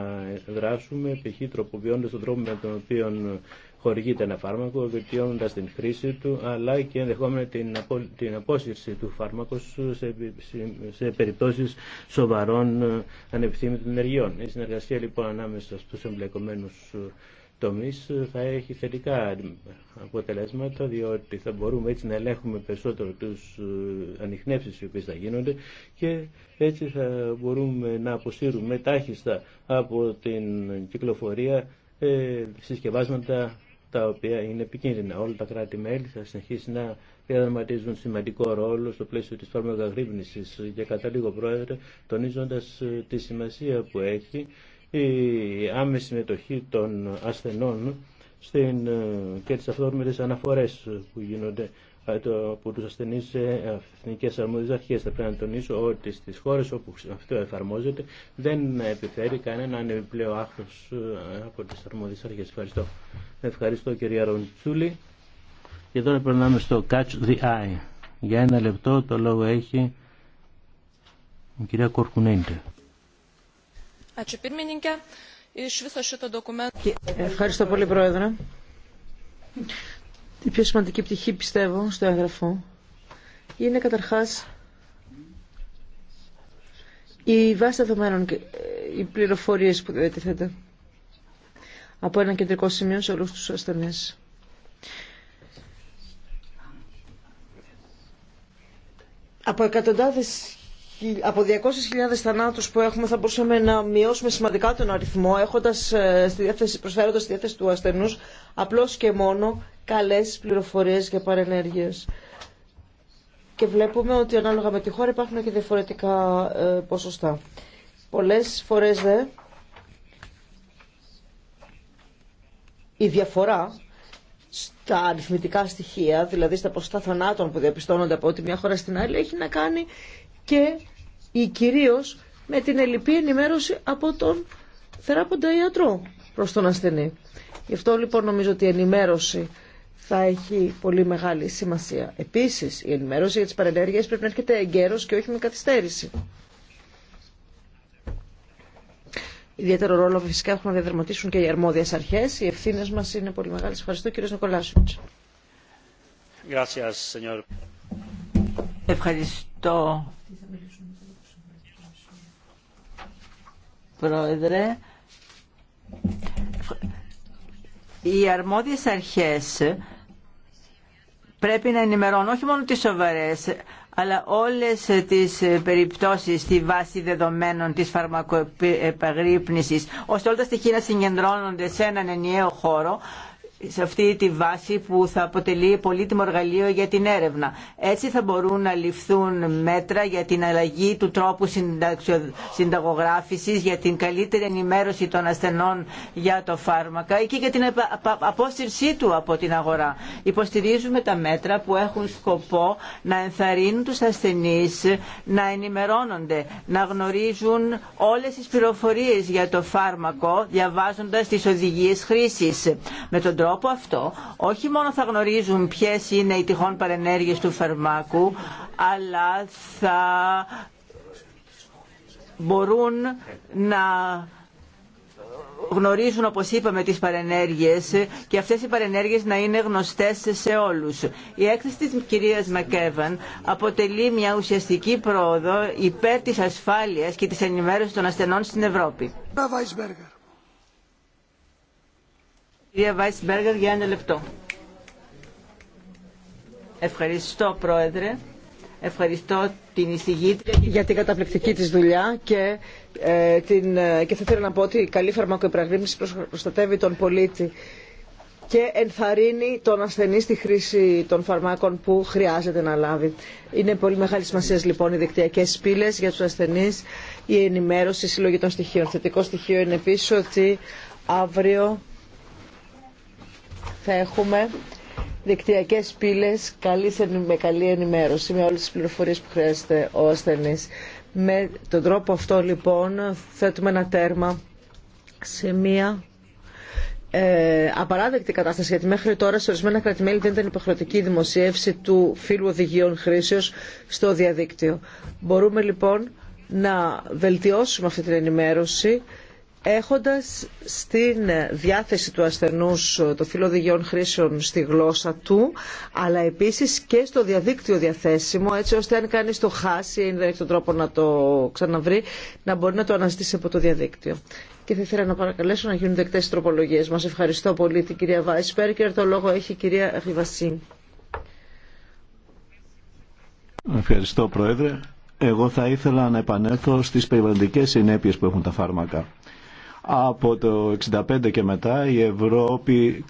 δράσουμε π.χ. τροποποιώντας τον τρόπο με τον οποίο χορηγείται ένα φάρμακο, βελτιώνοντας την χρήση του, αλλά και ενδεχόμενα την, την απόσυρση του φάρμακου σε, σε περιπτώσεις σοβαρών ε, ανεπιθύμητων ενεργειών. Η συνεργασία λοιπόν ανάμεσα στους εμπλεκομένους τομείς θα έχει θετικά αποτελέσματα διότι θα μπορούμε έτσι να ελέγχουμε περισσότερο τους ε, ανοιχνεύσεις οι οποίες θα γίνονται και έτσι θα μπορούμε να αποσύρουμε τάχιστα από την κυκλοφορία ε, συσκευάσματα τα οποία είναι επικίνδυνα. Όλα τα κράτη-μέλη θα συνεχίσει να διαδραματίζουν σημαντικό ρόλο στο πλαίσιο της φαρμακαγρύπνησης και κατά λίγο πρόεδρε τονίζοντας ε, τη σημασία που έχει η άμεση συμμετοχή των ασθενών στην, ε, και τις αυθόρμητες αναφορές που γίνονται από ε, τους ασθενείς σε εθνικές αρμόδιες αρχές. Θα πρέπει να τονίσω ότι στις χώρες όπου αυτό εφαρμόζεται δεν επιφέρει κανέναν επιπλέον άχρος ε, από τις αρμόδιες αρχές. Ευχαριστώ. Ευχαριστώ κυρία Ροντσούλη. Και τώρα περνάμε στο Catch the Eye. Για ένα λεπτό το λόγο έχει η κυρία Κορκουνέντε. Ευχαριστώ πολύ, Πρόεδρε. Η πιο σημαντική πτυχή, πιστεύω, στο έγγραφο είναι καταρχάς η βάση δεδομένων και ε, οι πληροφορίες που διατίθεται. από ένα κεντρικό σημείο σε όλους τους ασθενείς. Από εκατοντάδες από 200.000 θανάτους που έχουμε θα μπορούσαμε να μειώσουμε σημαντικά τον αριθμό έχοντας, ε, στη διάθεση, προσφέροντας τη διάθεση του ασθενούς απλώς και μόνο καλές πληροφορίες για παρενέργειες. Και βλέπουμε ότι ανάλογα με τη χώρα υπάρχουν και διαφορετικά ε, ποσοστά. Πολλές φορές δε η διαφορά στα αριθμητικά στοιχεία, δηλαδή στα ποσοστά θανάτων που διαπιστώνονται από ότι μια χώρα στην άλλη, έχει να κάνει και ή κυρίως με την ελληπή ενημέρωση από τον θεράποντα ιατρό προς τον ασθενή. Γι' αυτό λοιπόν νομίζω ότι η ενημέρωση θα έχει πολύ μεγάλη σημασία. Επίσης, η ενημέρωση για τις παρενέργειες πρέπει να έρχεται εγκαίρως και όχι με καθυστέρηση. Ιδιαίτερο ρόλο φυσικά έχουν να διαδραματίσουν και οι αρμόδιε αρχέ. Οι ευθύνε μα είναι πολύ μεγάλε. Ευχαριστώ, κύριε Νικολάσου. Ευχαριστώ το Πρόεδρε. Οι αρμόδιες αρχές πρέπει να ενημερώνουν όχι μόνο τις σοβαρές, αλλά όλες τις περιπτώσεις στη βάση δεδομένων της φαρμακοεπαγρύπνησης, ώστε όλα τα στοιχεία να συγκεντρώνονται σε έναν ενιαίο χώρο, σε αυτή τη βάση που θα αποτελεί πολύτιμο εργαλείο για την έρευνα. Έτσι θα μπορούν να ληφθούν μέτρα για την αλλαγή του τρόπου συνταγογράφησης, για την καλύτερη ενημέρωση των ασθενών για το φάρμακα και για την απόσυρσή του από την αγορά. Υποστηρίζουμε τα μέτρα που έχουν σκοπό να ενθαρρύνουν τους ασθενείς να ενημερώνονται, να γνωρίζουν όλες τις πληροφορίες για το φάρμακο διαβάζοντας τις οδηγίες χρήσης. Με τον τρόπο αυτό όχι μόνο θα γνωρίζουν ποιες είναι οι τυχόν παρενέργειες του φαρμάκου, αλλά θα μπορούν να γνωρίζουν όπως είπαμε τις παρενέργειες και αυτές οι παρενέργειες να είναι γνωστές σε όλους. Η έκθεση της κυρίας Μακέβαν αποτελεί μια ουσιαστική πρόοδο υπέρ της ασφάλειας και της ενημέρωσης των ασθενών στην Ευρώπη. Κυρία Βάισμπεργκερ, για ένα λεπτό. Ευχαριστώ, Πρόεδρε. Ευχαριστώ την εισηγήτρια για την καταπληκτική της δουλειά και, ε, την, ε, και θα ήθελα να πω ότι η καλή φαρμακοεπραγρήμηση προστατεύει τον πολίτη και ενθαρρύνει τον ασθενή στη χρήση των φαρμάκων που χρειάζεται να λάβει. Είναι πολύ μεγάλη σημασία λοιπόν οι δικτυακέ πύλε για του ασθενεί, η ενημέρωση, η συλλογή των στοιχείων. Θετικό στοιχείο είναι επίση ότι αύριο θα έχουμε δικτυακές πύλες με καλή ενημέρωση, με όλες τις πληροφορίες που χρειάζεται ο ασθενής. Με τον τρόπο αυτό λοιπόν θέτουμε ένα τέρμα σε μία ε, απαράδεκτη κατάσταση, γιατί μέχρι τώρα σε ορισμένα κρατημέλη δεν ήταν υποχρεωτική η δημοσίευση του φύλου οδηγιών χρήσεως στο διαδίκτυο. Μπορούμε λοιπόν να βελτιώσουμε αυτή την ενημέρωση έχοντας στην διάθεση του ασθενούς το φύλλο διγιών χρήσεων στη γλώσσα του, αλλά επίσης και στο διαδίκτυο διαθέσιμο, έτσι ώστε αν κάνει το χάσει ή δεν έχει τον τρόπο να το ξαναβρει, να μπορεί να το αναζητήσει από το διαδίκτυο. Και θα ήθελα να παρακαλέσω να γίνουν δεκτές οι τροπολογίες. Μας ευχαριστώ πολύ την κυρία Βάισπερ και Το λόγο έχει η κυρία Ριβασί. Ευχαριστώ Πρόεδρε. Εγώ θα ήθελα να επανέλθω στις περιβαλλοντικές συνέπειες που έχουν τα φάρμακα από το 65 και μετά η Ευρώπη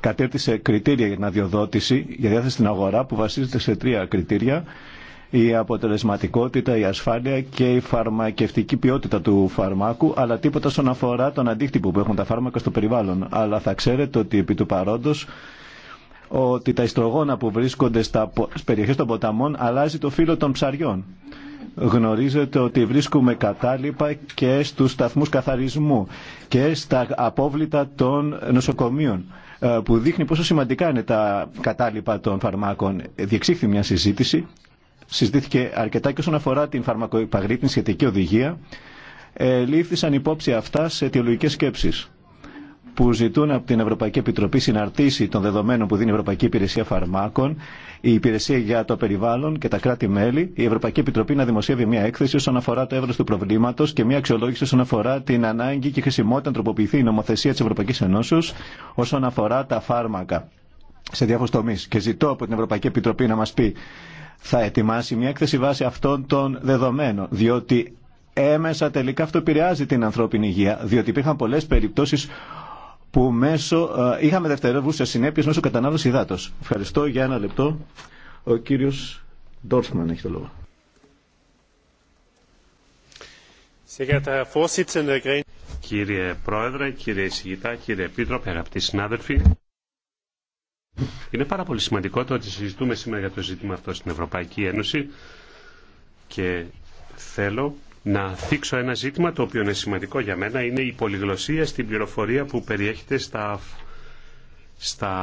κατέρτισε κριτήρια για την αδειοδότηση, για διάθεση στην αγορά που βασίζεται σε τρία κριτήρια. Η αποτελεσματικότητα, η ασφάλεια και η φαρμακευτική ποιότητα του φαρμάκου, αλλά τίποτα στον αφορά τον αντίκτυπο που έχουν τα φάρμακα στο περιβάλλον. Αλλά θα ξέρετε ότι επί του παρόντος ότι τα ιστρογόνα που βρίσκονται στα περιοχές των ποταμών αλλάζει το φύλλο των ψαριών. Γνωρίζετε ότι βρίσκουμε κατάλοιπα και στους σταθμούς καθαρισμού και στα απόβλητα των νοσοκομείων ε, που δείχνει πόσο σημαντικά είναι τα κατάλοιπα των φαρμάκων. Διεξήχθη μια συζήτηση, συζητήθηκε αρκετά και όσον αφορά την την σχετική οδηγία, ε, λήφθησαν υπόψη αυτά σε αιτιολογικές σκέψεις που ζητούν από την Ευρωπαϊκή Επιτροπή συναρτήσει των δεδομένων που δίνει η Ευρωπαϊκή Υπηρεσία Φαρμάκων, η Υπηρεσία για το Περιβάλλον και τα κράτη-μέλη, η Ευρωπαϊκή Επιτροπή να δημοσιεύει μια έκθεση όσον αφορά το εύρο του προβλήματο και μια αξιολόγηση όσον αφορά την ανάγκη και χρησιμότητα να τροποποιηθεί η νομοθεσία τη Ευρωπαϊκή Ενώσεω όσον αφορά τα φάρμακα σε διάφορου τομεί. Και ζητώ από την Ευρωπαϊκή Επιτροπή να μα πει θα ετοιμάσει μια έκθεση βάσει αυτών των δεδομένων, διότι έμεσα τελικά αυτό επηρεάζει την ανθρώπινη υγεία, διότι υπήρχαν πολλές περιπτώσεις που μέσω, ε, είχαμε δευτερεύουσε συνέπειε μέσω κατανάλωση υδάτο. Ευχαριστώ για ένα λεπτό. Ο κύριο Ντόρφμαν έχει το λόγο. Κύριε Πρόεδρε, κύριε Ισηγητά, κύριε Επίτροπε, αγαπητοί συνάδελφοι. Είναι πάρα πολύ σημαντικό το ότι συζητούμε σήμερα για το ζήτημα αυτό στην Ευρωπαϊκή Ένωση και θέλω να θίξω ένα ζήτημα το οποίο είναι σημαντικό για μένα. Είναι η πολυγλωσία στην πληροφορία που περιέχεται στα, στα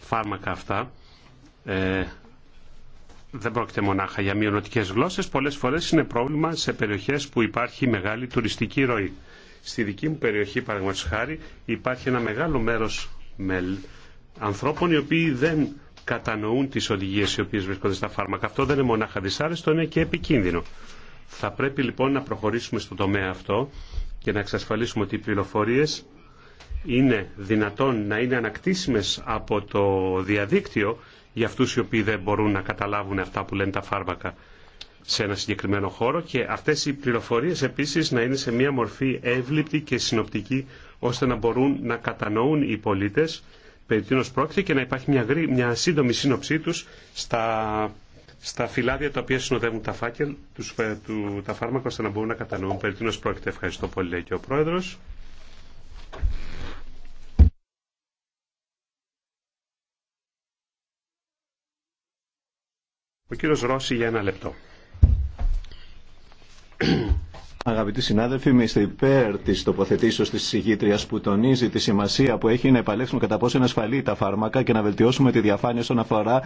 φάρμακα αυτά. Ε, δεν πρόκειται μονάχα για μειονοτικές γλώσσες. Πολλές φορές είναι πρόβλημα σε περιοχές που υπάρχει μεγάλη τουριστική ροή. Στη δική μου περιοχή, παραγματικά υπάρχει ένα μεγάλο μέρος με ανθρώπων οι οποίοι δεν κατανοούν τις οδηγίες οι οποίες βρίσκονται στα φάρμακα. Αυτό δεν είναι μονάχα δυσάρεστο, είναι και επικίνδυνο. Θα πρέπει λοιπόν να προχωρήσουμε στο τομέα αυτό και να εξασφαλίσουμε ότι οι πληροφορίες είναι δυνατόν να είναι ανακτήσιμες από το διαδίκτυο για αυτούς οι οποίοι δεν μπορούν να καταλάβουν αυτά που λένε τα φάρμακα σε ένα συγκεκριμένο χώρο και αυτές οι πληροφορίες επίσης να είναι σε μια μορφή εύληπτη και συνοπτική ώστε να μπορούν να κατανοούν οι πολίτες περί τίνος πρόκειται και να υπάρχει μια, μια σύντομη σύνοψή τους στα στα φυλάδια τα οποία συνοδεύουν τα φάκελ, τους, ε, του, τα φάρμακα ώστε να μπορούν να κατανοούν περί τίνος πρόκειται. Ευχαριστώ πολύ λέει και ο Πρόεδρος. Ο κύριος Ρώση για ένα λεπτό. Αγαπητοί συνάδελφοι, είμαστε υπέρ τη τοποθετήσεω τη συγγήτρια που τονίζει τη σημασία που έχει να επαλέξουμε κατά πόσο είναι ασφαλή τα φάρμακα και να βελτιώσουμε τη διαφάνεια όσον αφορά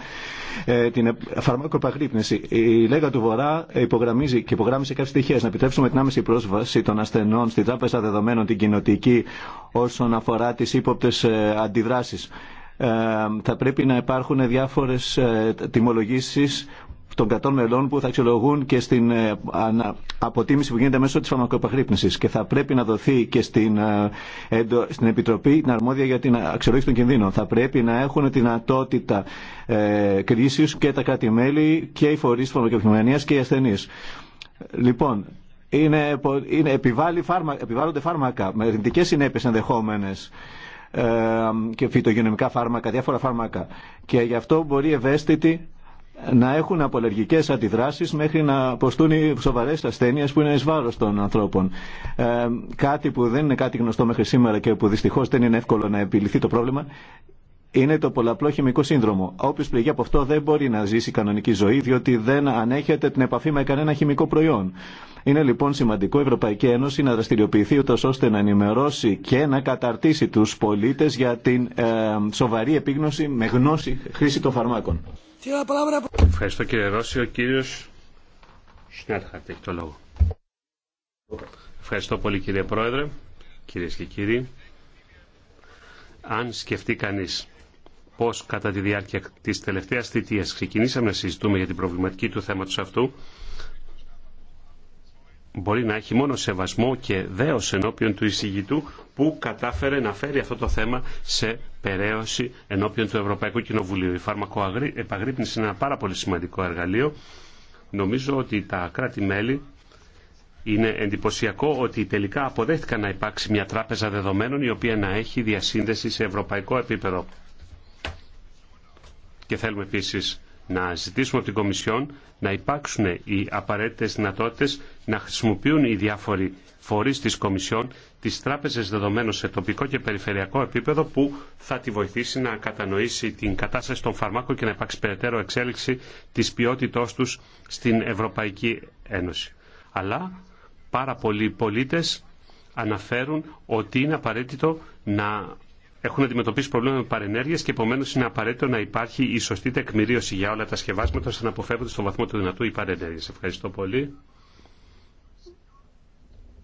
ε, την φαρμακοεπαγρύπνηση. Η Λέγα του Βορρά υπογραμμίζει και υπογράμμισε κάποιε στοιχεία. Να επιτρέψουμε την άμεση πρόσβαση των ασθενών στη Τράπεζα Δεδομένων την κοινοτική όσον αφορά τι ύποπτε αντιδράσει ε, θα πρέπει να υπάρχουν διάφορες ε, τιμολογήσει των κατών μελών που θα αξιολογούν και στην ε, αποτίμηση που γίνεται μέσω της φαρμακοπαχρύπνησης και θα πρέπει να δοθεί και στην, ε, στην Επιτροπή την αρμόδια για την αξιολόγηση των κινδύνων. Θα πρέπει να έχουν τη δυνατότητα ε, κρίσης και τα κράτη-μέλη και οι φορείς και οι ασθενείς. Λοιπόν, είναι, είναι, επιβάλλονται φάρμακα με αρνητικέ συνέπειε ενδεχόμενε ε, και φυτογενεμικά φάρμακα, διάφορα φάρμακα. Και γι' αυτό μπορεί ευαίσθητοι να έχουν απολεργικέ αντιδράσει μέχρι να αποστούν οι σοβαρέ ασθένειε που είναι ει βάρος των ανθρώπων. Ε, κάτι που δεν είναι κάτι γνωστό μέχρι σήμερα και που δυστυχώ δεν είναι εύκολο να επιληθεί το πρόβλημα είναι το πολλαπλό χημικό σύνδρομο. Όποιο πληγεί από αυτό δεν μπορεί να ζήσει κανονική ζωή, διότι δεν ανέχεται την επαφή με κανένα χημικό προϊόν. Είναι λοιπόν σημαντικό η Ευρωπαϊκή Ένωση να δραστηριοποιηθεί ούτω ώστε να ενημερώσει και να καταρτήσει του πολίτε για την ε, σοβαρή επίγνωση με γνώση χρήση των φαρμάκων. Ευχαριστώ κύριε Ρώση. Ο κύριος Σνέρχαρτ έχει το λόγο. Ευχαριστώ πολύ κύριε Πρόεδρε, κύριε και κύριοι. Αν σκεφτεί κανείς πώς κατά τη διάρκεια της τελευταίας θητείας ξεκινήσαμε να συζητούμε για την προβληματική του θέματος αυτού, μπορεί να έχει μόνο σεβασμό και δέος ενώπιον του εισηγητού που κατάφερε να φέρει αυτό το θέμα σε περαίωση ενώπιον του Ευρωπαϊκού Κοινοβουλίου. Η φαρμακοεπαγρύπνηση είναι ένα πάρα πολύ σημαντικό εργαλείο. Νομίζω ότι τα κράτη-μέλη είναι εντυπωσιακό ότι τελικά αποδέχτηκαν να υπάρξει μια τράπεζα δεδομένων η οποία να έχει διασύνδεση σε ευρωπαϊκό επίπεδο. Και θέλουμε επίσης να ζητήσουμε από την Κομισιόν να υπάρξουν οι απαραίτητες δυνατότητες να χρησιμοποιούν οι διάφοροι φορείς της Κομισιόν τις τράπεζες δεδομένων σε τοπικό και περιφερειακό επίπεδο που θα τη βοηθήσει να κατανοήσει την κατάσταση των φαρμάκων και να υπάρξει περαιτέρω εξέλιξη της ποιότητός τους στην Ευρωπαϊκή Ένωση. Αλλά πάρα πολλοί πολίτες αναφέρουν ότι είναι απαραίτητο να έχουν αντιμετωπίσει προβλήματα με παρενέργειε και επομένω είναι απαραίτητο να υπάρχει η σωστή τεκμηρίωση για όλα τα σκευάσματα ώστε να αποφεύγονται στο βαθμό του δυνατού οι παρενέργειε. Ευχαριστώ πολύ.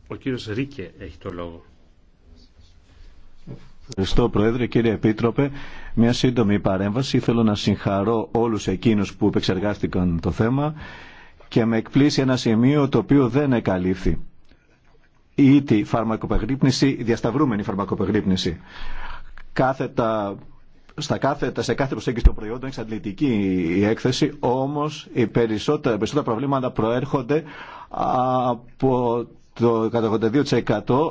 Ο κύριο Ρίκε έχει το λόγο. Ευχαριστώ Πρόεδρε, κύριε Επίτροπε. Μια σύντομη παρέμβαση. Θέλω να συγχαρώ όλου εκείνου που επεξεργάστηκαν το θέμα και με εκπλήσει ένα σημείο το οποίο δεν εκαλύφθη. Η ήτη φαρμακοπεγρύπνηση, διασταυρούμενη φαρμακοπεγρύπνηση κάθετα στα κάθετα, σε κάθε προσέγγιση των προϊόντων εξαντλητική η έκθεση, όμως οι περισσότερα, περισσότερα προβλήματα προέρχονται από το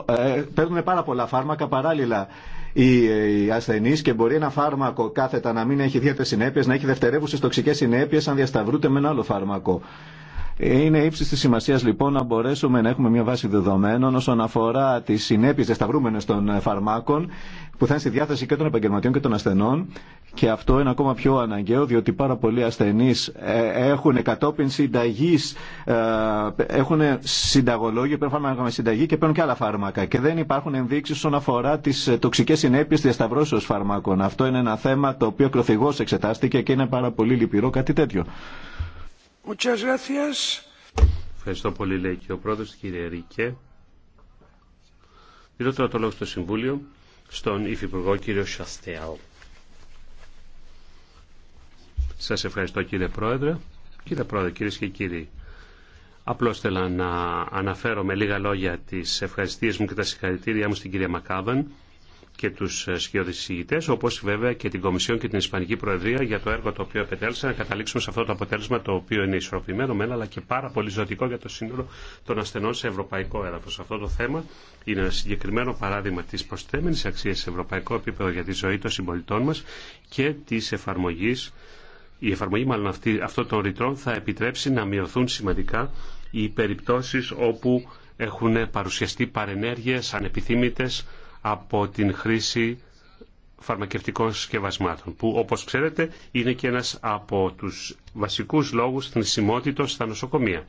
182% ε, παίρνουν πάρα πολλά φάρμακα παράλληλα οι, οι ασθενείς και μπορεί ένα φάρμακο κάθετα να μην έχει ιδιαίτερε συνέπειε, να έχει δευτερεύουσες τοξικές συνέπειε αν διασταυρούνται με ένα άλλο φάρμακο. Είναι ύψη τη σημασία λοιπόν να μπορέσουμε να έχουμε μια βάση δεδομένων όσον αφορά τι συνέπειε δεσταυρούμενε των φαρμάκων που θα είναι στη διάθεση και των επαγγελματιών και των ασθενών. Και αυτό είναι ακόμα πιο αναγκαίο διότι πάρα πολλοί ασθενεί ε, έχουν κατόπιν συνταγή, ε, έχουν συνταγολόγιο, παίρνουν φάρμακα με συνταγή και παίρνουν και άλλα φάρμακα. Και δεν υπάρχουν ενδείξει όσον αφορά τι ε, τοξικέ συνέπειε διασταυρώσεω φαρμάκων. Αυτό είναι ένα θέμα το οποίο ακροθυγώ εξετάστηκε και είναι πάρα πολύ λυπηρό κάτι τέτοιο. Ευχαριστώ πολύ, λέει και ο πρόεδρος, κύριε Ρίκε. Δίνω τώρα το λόγο στο Συμβούλιο, στον Υφυπουργό κύριο Σαστέαο. Σας ευχαριστώ κύριε Πρόεδρε. Κύριε Πρόεδρε, κύριε και κύριοι, απλώς θέλω να αναφέρω με λίγα λόγια τις ευχαριστίες μου και τα συγχαρητήριά μου στην κυρία Μακάβαν, και τους ε, συζητητέ, όπω βέβαια και την Κομισιόν και την Ισπανική Προεδρία για το έργο το οποίο επετέλεσαν να καταλήξουμε σε αυτό το αποτέλεσμα το οποίο είναι ισορροπημένο μένα αλλά και πάρα πολύ ζωτικό για το σύνολο των ασθενών σε ευρωπαϊκό έδαφο. Αυτό το θέμα είναι ένα συγκεκριμένο παράδειγμα τη προσθέμενης αξία σε ευρωπαϊκό επίπεδο για τη ζωή των συμπολιτών μα και τη εφαρμογή. η εφαρμογή μάλλον αυτή, αυτών των ρητρών θα επιτρέψει να μειωθούν σημαντικά οι περιπτώσεις όπου έχουν παρουσιαστεί παρενέργειες ανεπιθύμητες από την χρήση φαρμακευτικών συσκευασμάτων, που όπως ξέρετε είναι και ένας από τους βασικούς λόγους θνησιμότητος στα νοσοκομεία.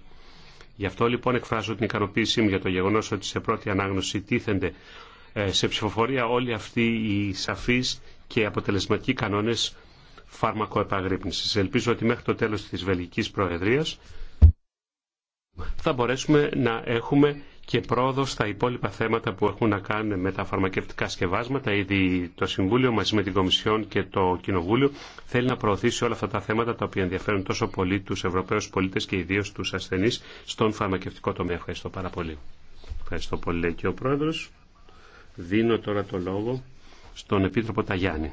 Γι' αυτό λοιπόν εκφράζω την ικανοποίησή μου για το γεγονός ότι σε πρώτη ανάγνωση τίθενται ε, σε ψηφοφορία όλοι αυτοί οι σαφείς και αποτελεσματικοί κανόνες φαρμακοεπαγρύπνησης. Ελπίζω ότι μέχρι το τέλος της Βελγικής Προεδρίας θα μπορέσουμε να έχουμε και πρόοδο στα υπόλοιπα θέματα που έχουν να κάνουν με τα φαρμακευτικά σκευάσματα. Ήδη το Συμβούλιο μαζί με την Κομισιόν και το Κοινοβούλιο θέλει να προωθήσει όλα αυτά τα θέματα τα οποία ενδιαφέρουν τόσο πολύ του Ευρωπαίου πολίτε και ιδίω του ασθενεί στον φαρμακευτικό τομέα. Ευχαριστώ πάρα πολύ. Ευχαριστώ πολύ, λέει και ο Πρόεδρο. Δίνω τώρα το λόγο στον Επίτροπο Ταγιάννη.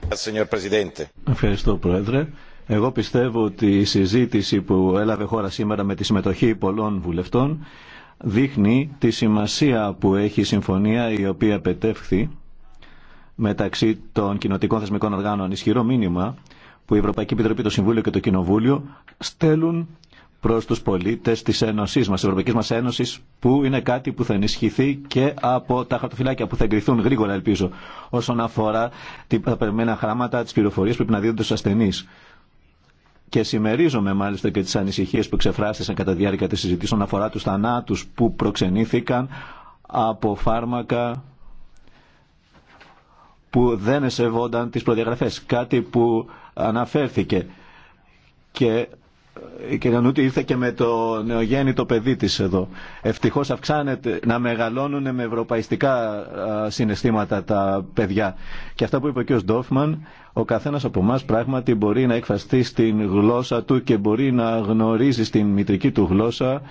Ευχαριστώ, Πρόεδρε. Εγώ πιστεύω ότι η συζήτηση που έλαβε χώρα σήμερα με τη συμμετοχή πολλών βουλευτών δείχνει τη σημασία που έχει η συμφωνία η οποία πετεύχθη μεταξύ των κοινοτικών θεσμικών οργάνων. Ισχυρό μήνυμα που η Ευρωπαϊκή Επιτροπή, το Συμβούλιο και το Κοινοβούλιο στέλνουν προς τους πολίτες της Ένωσής μας, της Ευρωπαϊκής μας Ένωσης, που είναι κάτι που θα ενισχυθεί και από τα χαρτοφυλάκια που θα εγκριθούν γρήγορα, ελπίζω, όσον αφορά τα περιμένα χράματα, τις πληροφορίες που πρέπει να δίνονται στους ασθενείς και συμμερίζομαι μάλιστα και τις ανησυχίες που εξεφράστησαν κατά τη διάρκεια της συζητήσεων αφορά τους θανάτους που προξενήθηκαν από φάρμακα που δεν εσεβόνταν τις προδιαγραφές. Κάτι που αναφέρθηκε και η κυρία Νούτη ήρθε και με το νεογέννητο παιδί της εδώ. Ευτυχώς αυξάνεται να μεγαλώνουν με ευρωπαϊστικά συναισθήματα τα παιδιά. Και αυτά που είπε ο κ. Ντόφμαν, ο καθένας από εμά πράγματι μπορεί να εκφραστεί στην γλώσσα του και μπορεί να γνωρίζει στην μητρική του γλώσσα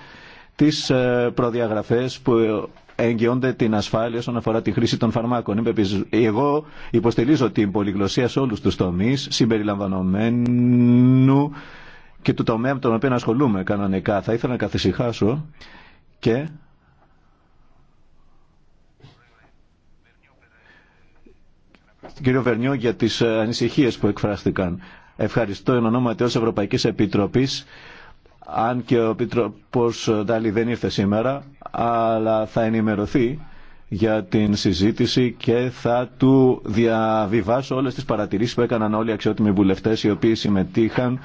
τις ε, προδιαγραφές που ε, εγγυώνται την ασφάλεια όσον αφορά τη χρήση των φαρμάκων. Εγώ υποστηρίζω την πολυγλωσία σε όλους τους τομείς, συμπεριλαμβανομένου και του τομέα με τον οποίο ασχολούμαι κανονικά. Θα ήθελα να καθησυχάσω και κύριο Βερνιό για τις ε, ανησυχίες που εκφράστηκαν. Ευχαριστώ εν ονόματι ως Ευρωπαϊκής Επιτροπής αν και ο Επιτροπός Ντάλι δεν ήρθε σήμερα αλλά θα ενημερωθεί για την συζήτηση και θα του διαβιβάσω όλες τις παρατηρήσεις που έκαναν όλοι οι αξιότιμοι βουλευτές οι οποίοι συμμετείχαν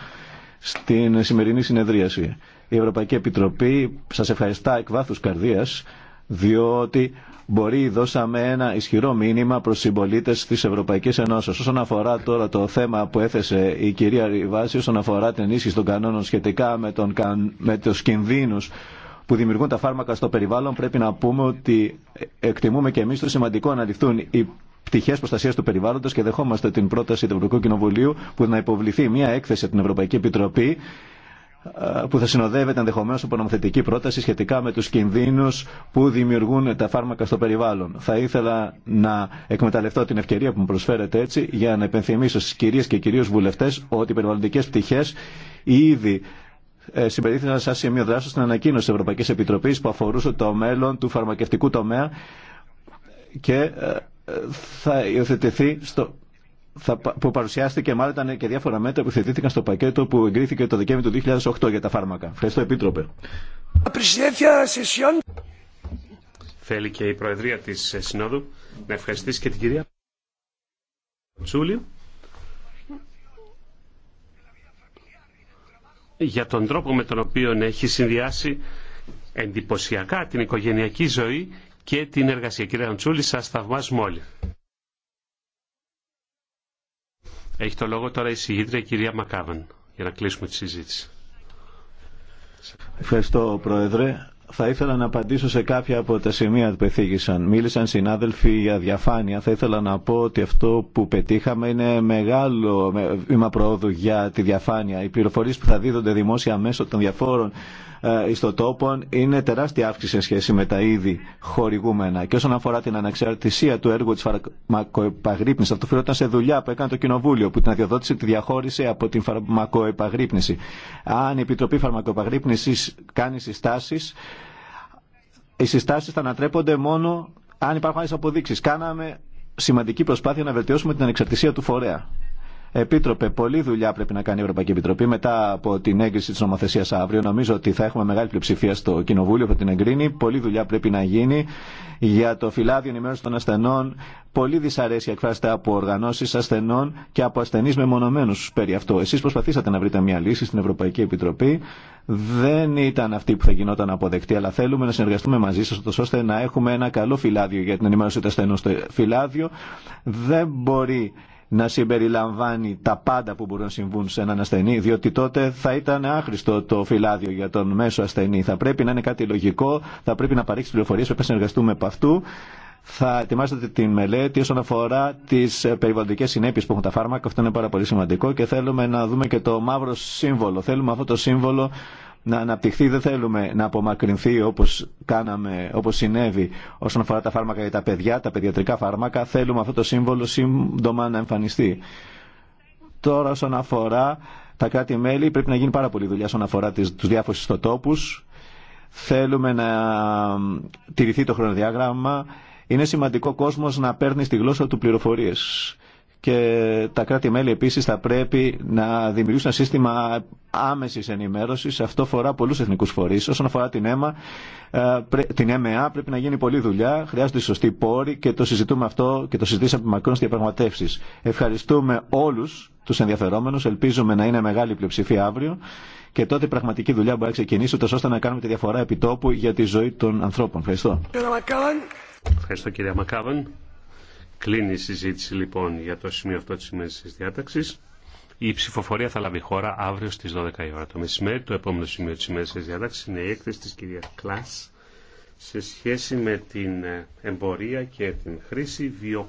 στην σημερινή συνεδρίαση. Η Ευρωπαϊκή Επιτροπή σας ευχαριστά εκ βάθους καρδίας διότι μπορεί δώσαμε ένα ισχυρό μήνυμα προς συμπολίτε της Ευρωπαϊκής Ενώσεως. Όσον αφορά τώρα το θέμα που έθεσε η κυρία Ριβάση, όσον αφορά την ενίσχυση των κανόνων σχετικά με, τον, με τους κινδύνους που δημιουργούν τα φάρμακα στο περιβάλλον, πρέπει να πούμε ότι εκτιμούμε και εμείς το σημαντικό να ληφθούν πτυχέ προστασία του περιβάλλοντο και δεχόμαστε την πρόταση του Ευρωπαϊκού Κοινοβουλίου που να υποβληθεί μια έκθεση από την Ευρωπαϊκή Επιτροπή ε, που θα συνοδεύεται ενδεχομένω από νομοθετική πρόταση σχετικά με του κινδύνου που δημιουργούν τα φάρμακα στο περιβάλλον. Θα ήθελα να εκμεταλλευτώ την ευκαιρία που μου προσφέρετε έτσι για να επενθυμίσω στι κυρίε και κυρίου βουλευτέ ότι οι περιβαλλοντικέ πτυχέ ήδη σε σαν σημείο δράση στην ανακοίνωση τη Ευρωπαϊκή Επιτροπή που αφορούσε το μέλλον του φαρμακευτικού τομέα και ε, θα υιοθετηθεί στο, θα, που παρουσιάστηκε μάλλον ήταν και διάφορα μέτρα που θετήθηκαν στο πακέτο που εγκρίθηκε το Δεκέμβριο του 2008 για τα φάρμακα. Ευχαριστώ Επίτροπε. Θέλει και η Προεδρία της Συνόδου να ευχαριστήσει και την κυρία Τσούλη για τον τρόπο με τον οποίο έχει συνδυάσει εντυπωσιακά την οικογενειακή ζωή και την εργασία. Κύριε Αντσούλη, σας θαυμάζουμε όλοι. Έχει το λόγο τώρα η συγγήτρια κυρία Μακάβαν για να κλείσουμε τη συζήτηση. Ευχαριστώ Πρόεδρε. Θα ήθελα να απαντήσω σε κάποια από τα σημεία που πεθύγησαν. Μίλησαν συνάδελφοι για διαφάνεια. Θα ήθελα να πω ότι αυτό που πετύχαμε είναι μεγάλο βήμα προόδου για τη διαφάνεια. Οι πληροφορίε που θα δίδονται δημόσια μέσω των διαφόρων ε, ιστοτόπων είναι τεράστια αύξηση σε σχέση με τα ήδη χορηγούμενα. Και όσον αφορά την αναξαρτησία του έργου τη φαρμακοεπαγρύπνηση, αυτό φαίνονταν σε δουλειά που έκανε το Κοινοβούλιο, που την αδειοδότηση τη διαχώρισε από την φαρμακοεπαγρύπνηση. Αν η Επιτροπή Φαρμακοεπαγρύπνηση κάνει συστάσει, οι συστάσει θα ανατρέπονται μόνο αν υπάρχουν άλλε αποδείξει. Κάναμε σημαντική προσπάθεια να βελτιώσουμε την ανεξαρτησία του φορέα. Επίτροπε, πολλή δουλειά πρέπει να κάνει η Ευρωπαϊκή Επιτροπή μετά από την έγκριση τη νομοθεσία αύριο. Νομίζω ότι θα έχουμε μεγάλη πλειοψηφία στο Κοινοβούλιο που την εγκρίνει. Πολλή δουλειά πρέπει να γίνει για το φυλάδιο ενημέρωση των ασθενών. Πολύ δυσαρέσκεια εκφράζεται από οργανώσει ασθενών και από ασθενεί μεμονωμένου περί αυτό. Εσεί προσπαθήσατε να βρείτε μια λύση στην Ευρωπαϊκή Επιτροπή. Δεν ήταν αυτή που θα γινόταν αποδεκτή, αλλά θέλουμε να συνεργαστούμε μαζί σα, ώστε να έχουμε ένα καλό φυλάδιο για την ενημέρωση του φυλάδιο δεν μπορεί να συμπεριλαμβάνει τα πάντα που μπορούν να συμβούν σε έναν ασθενή, διότι τότε θα ήταν άχρηστο το φυλάδιο για τον μέσο ασθενή. Θα πρέπει να είναι κάτι λογικό, θα πρέπει να παρέχει πληροφορίε, πρέπει να συνεργαστούμε από αυτού. Θα ετοιμάσετε την μελέτη όσον αφορά τι ε, περιβαλλοντικέ συνέπειε που έχουν τα φάρμακα. Αυτό είναι πάρα πολύ σημαντικό και θέλουμε να δούμε και το μαύρο σύμβολο. Θέλουμε αυτό το σύμβολο να αναπτυχθεί, δεν θέλουμε να απομακρυνθεί όπως, κάναμε, όπως συνέβη όσον αφορά τα φάρμακα για τα παιδιά, τα παιδιατρικά φάρμακα. Θέλουμε αυτό το σύμβολο σύντομα να εμφανιστεί. Τώρα όσον αφορά τα κράτη-μέλη πρέπει να γίνει πάρα πολύ δουλειά όσον αφορά τις, τους διάφορους ιστοτόπους. Θέλουμε να τηρηθεί το χρονοδιάγραμμα. Είναι σημαντικό κόσμος να παίρνει στη γλώσσα του πληροφορίες και τα κράτη-μέλη επίσης θα πρέπει να δημιουργήσουν ένα σύστημα άμεσης ενημέρωσης. Αυτό φορά πολλούς εθνικούς φορείς. Όσον αφορά την ΕΜΑ, ε, την ΕΜΕΑ πρέπει να γίνει πολλή δουλειά, χρειάζονται σωστοί πόροι και το συζητούμε αυτό και το συζητήσαμε με μακρόν στις διαπραγματεύσεις. Ευχαριστούμε όλους τους ενδιαφερόμενους, ελπίζουμε να είναι μεγάλη πλειοψηφία αύριο και τότε η πραγματική δουλειά μπορεί να ξεκινήσει ούτως ώστε να κάνουμε τη διαφορά επιτόπου για τη ζωή των ανθρώπων. Ευχαριστώ. Ευχαριστώ κύριε Κλείνει η συζήτηση λοιπόν για το σημείο αυτό τη σημερινής της Η ψηφοφορία θα λάβει χώρα αύριο στις 12 η ώρα το μεσημέρι. Το επόμενο σημείο τη σημερινής της είναι η έκθεση της κυρία Κλάς σε σχέση με την ε, εμπορία και την χρήση βιο